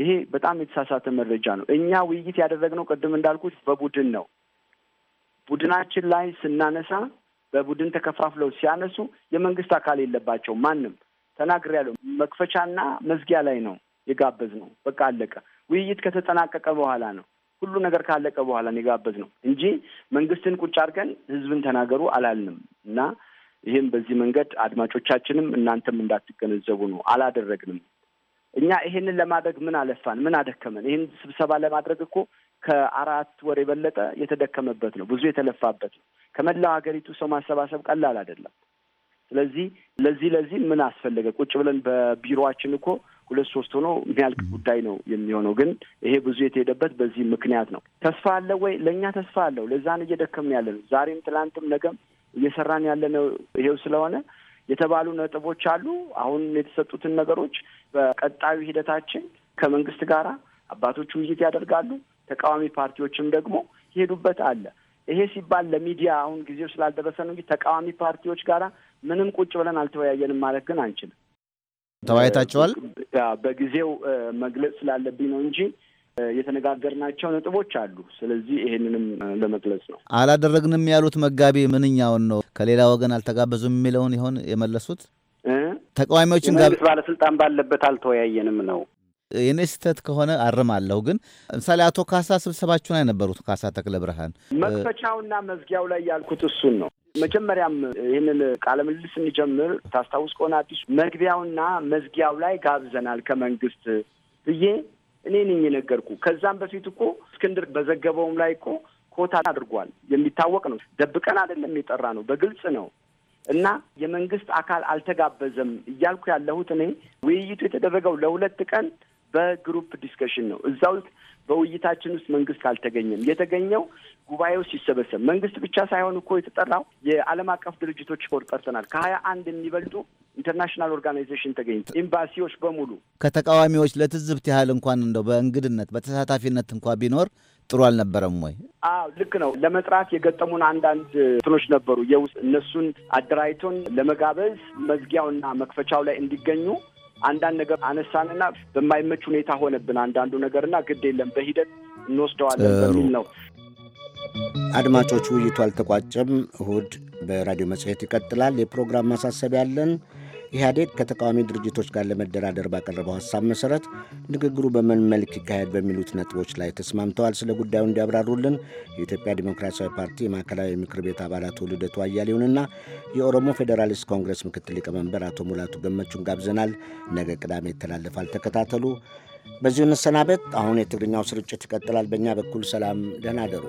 ይሄ በጣም የተሳሳተ መረጃ ነው። እኛ ውይይት ያደረግነው ቅድም እንዳልኩት በቡድን ነው። ቡድናችን ላይ ስናነሳ በቡድን ተከፋፍለው ሲያነሱ የመንግስት አካል የለባቸው ማንም ተናግሬያለሁ። መክፈቻና መዝጊያ ላይ ነው የጋበዝ ነው። በቃ አለቀ። ውይይት ከተጠናቀቀ በኋላ ነው ሁሉ ነገር ካለቀ በኋላ የጋበዝ ነው እንጂ መንግስትን ቁጭ አድርገን ህዝብን ተናገሩ አላልንም እና ይህም በዚህ መንገድ አድማጮቻችንም እናንተም እንዳትገነዘቡ ነው። አላደረግንም። እኛ ይሄንን ለማድረግ ምን አለፋን? ምን አደከመን? ይህን ስብሰባ ለማድረግ እኮ ከአራት ወር የበለጠ የተደከመበት ነው፣ ብዙ የተለፋበት ነው። ከመላው ሀገሪቱ ሰው ማሰባሰብ ቀላል አይደለም። ስለዚህ ለዚህ ለዚህ ምን አስፈለገ? ቁጭ ብለን በቢሮችን እኮ ሁለት ሶስት ሆኖ የሚያልቅ ጉዳይ ነው የሚሆነው። ግን ይሄ ብዙ የተሄደበት በዚህ ምክንያት ነው። ተስፋ አለው ወይ? ለእኛ ተስፋ አለው። ለዛን እየደከምን ነው። ዛሬም፣ ትላንትም፣ ነገም እየሰራን ያለነው ይሄው ስለሆነ የተባሉ ነጥቦች አሉ። አሁን የተሰጡትን ነገሮች በቀጣዩ ሂደታችን ከመንግስት ጋር አባቶች ውይይት ያደርጋሉ። ተቃዋሚ ፓርቲዎችም ደግሞ ይሄዱበት አለ። ይሄ ሲባል ለሚዲያ አሁን ጊዜው ስላልደረሰ ነው እንጂ ተቃዋሚ ፓርቲዎች ጋራ ምንም ቁጭ ብለን አልተወያየንም ማለት ግን አንችልም። ተወያይታችኋል? በጊዜው መግለጽ ስላለብኝ ነው እንጂ የተነጋገርናቸው ነጥቦች አሉ። ስለዚህ ይሄንንም ለመግለጽ ነው። አላደረግንም ያሉት መጋቢ ምንኛውን ነው? ከሌላ ወገን አልተጋበዙም የሚለውን ይሆን የመለሱት? ተቃዋሚዎችን መንግስት ባለስልጣን ባለበት አልተወያየንም ነው የኔ ስህተት ከሆነ አርማለሁ። ግን ለምሳሌ አቶ ካሳ ስብሰባችሁን አይነበሩት? ካሳ ተክለ ብርሃን መክፈቻውና መዝጊያው ላይ ያልኩት እሱን ነው። መጀመሪያም ይህንን ቃለ ምልልስ ስንጀምር ታስታውስ ከሆነ አዲሱ መግቢያውና መዝጊያው ላይ ጋብዘናል ከመንግስት ብዬ እኔ ነኝ የነገርኩ። ከዛም በፊት እኮ እስክንድር በዘገበውም ላይ እኮ ኮታ አድርጓል። የሚታወቅ ነው። ደብቀን አይደለም የጠራ ነው፣ በግልጽ ነው። እና የመንግስት አካል አልተጋበዘም እያልኩ ያለሁት እኔ ውይይቱ የተደረገው ለሁለት ቀን በግሩፕ ዲስከሽን ነው። እዛ ውስጥ በውይይታችን ውስጥ መንግስት አልተገኘም። የተገኘው ጉባኤው ሲሰበሰብ መንግስት ብቻ ሳይሆን እኮ የተጠራው የዓለም አቀፍ ድርጅቶች ሪፖርት ጠርተናል። ከሀያ አንድ የሚበልጡ ኢንተርናሽናል ኦርጋናይዜሽን ተገኝቶ ኤምባሲዎች በሙሉ ከተቃዋሚዎች ለትዝብት ያህል እንኳን እንደው በእንግድነት በተሳታፊነት እንኳ ቢኖር ጥሩ አልነበረም ወይ? አዎ ልክ ነው። ለመጥራት የገጠሙን አንዳንድ እንትኖች ነበሩ። የውስጥ እነሱን አደራጅቶን ለመጋበዝ መዝጊያውና መክፈቻው ላይ እንዲገኙ አንዳንድ ነገር አነሳንና በማይመች ሁኔታ ሆነብን አንዳንዱ ነገርና ግድ የለም በሂደት እንወስደዋለን በሚል ነው። አድማጮች ውይይቱ አልተቋጨም። እሁድ በራዲዮ መጽሔት ይቀጥላል። የፕሮግራም ማሳሰቢያ አለን። ኢህአዴግ ከተቃዋሚ ድርጅቶች ጋር ለመደራደር ባቀረበው ሐሳብ መሠረት ንግግሩ በምን መልክ ይካሄድ በሚሉት ነጥቦች ላይ ተስማምተዋል። ስለ ጉዳዩ እንዲያብራሩልን የኢትዮጵያ ዲሞክራሲያዊ ፓርቲ የማዕከላዊ ምክር ቤት አባላት ልደቱ አያሌውንና የኦሮሞ ፌዴራሊስት ኮንግረስ ምክትል ሊቀመንበር አቶ ሙላቱ ገመቹን ጋብዘናል። ነገ ቅዳሜ ይተላለፋል። ተከታተሉ። በዚሁ እንሰናበት። አሁን የትግርኛው ስርጭት ይቀጥላል። በእኛ በኩል ሰላም፣ ደህና አደሩ።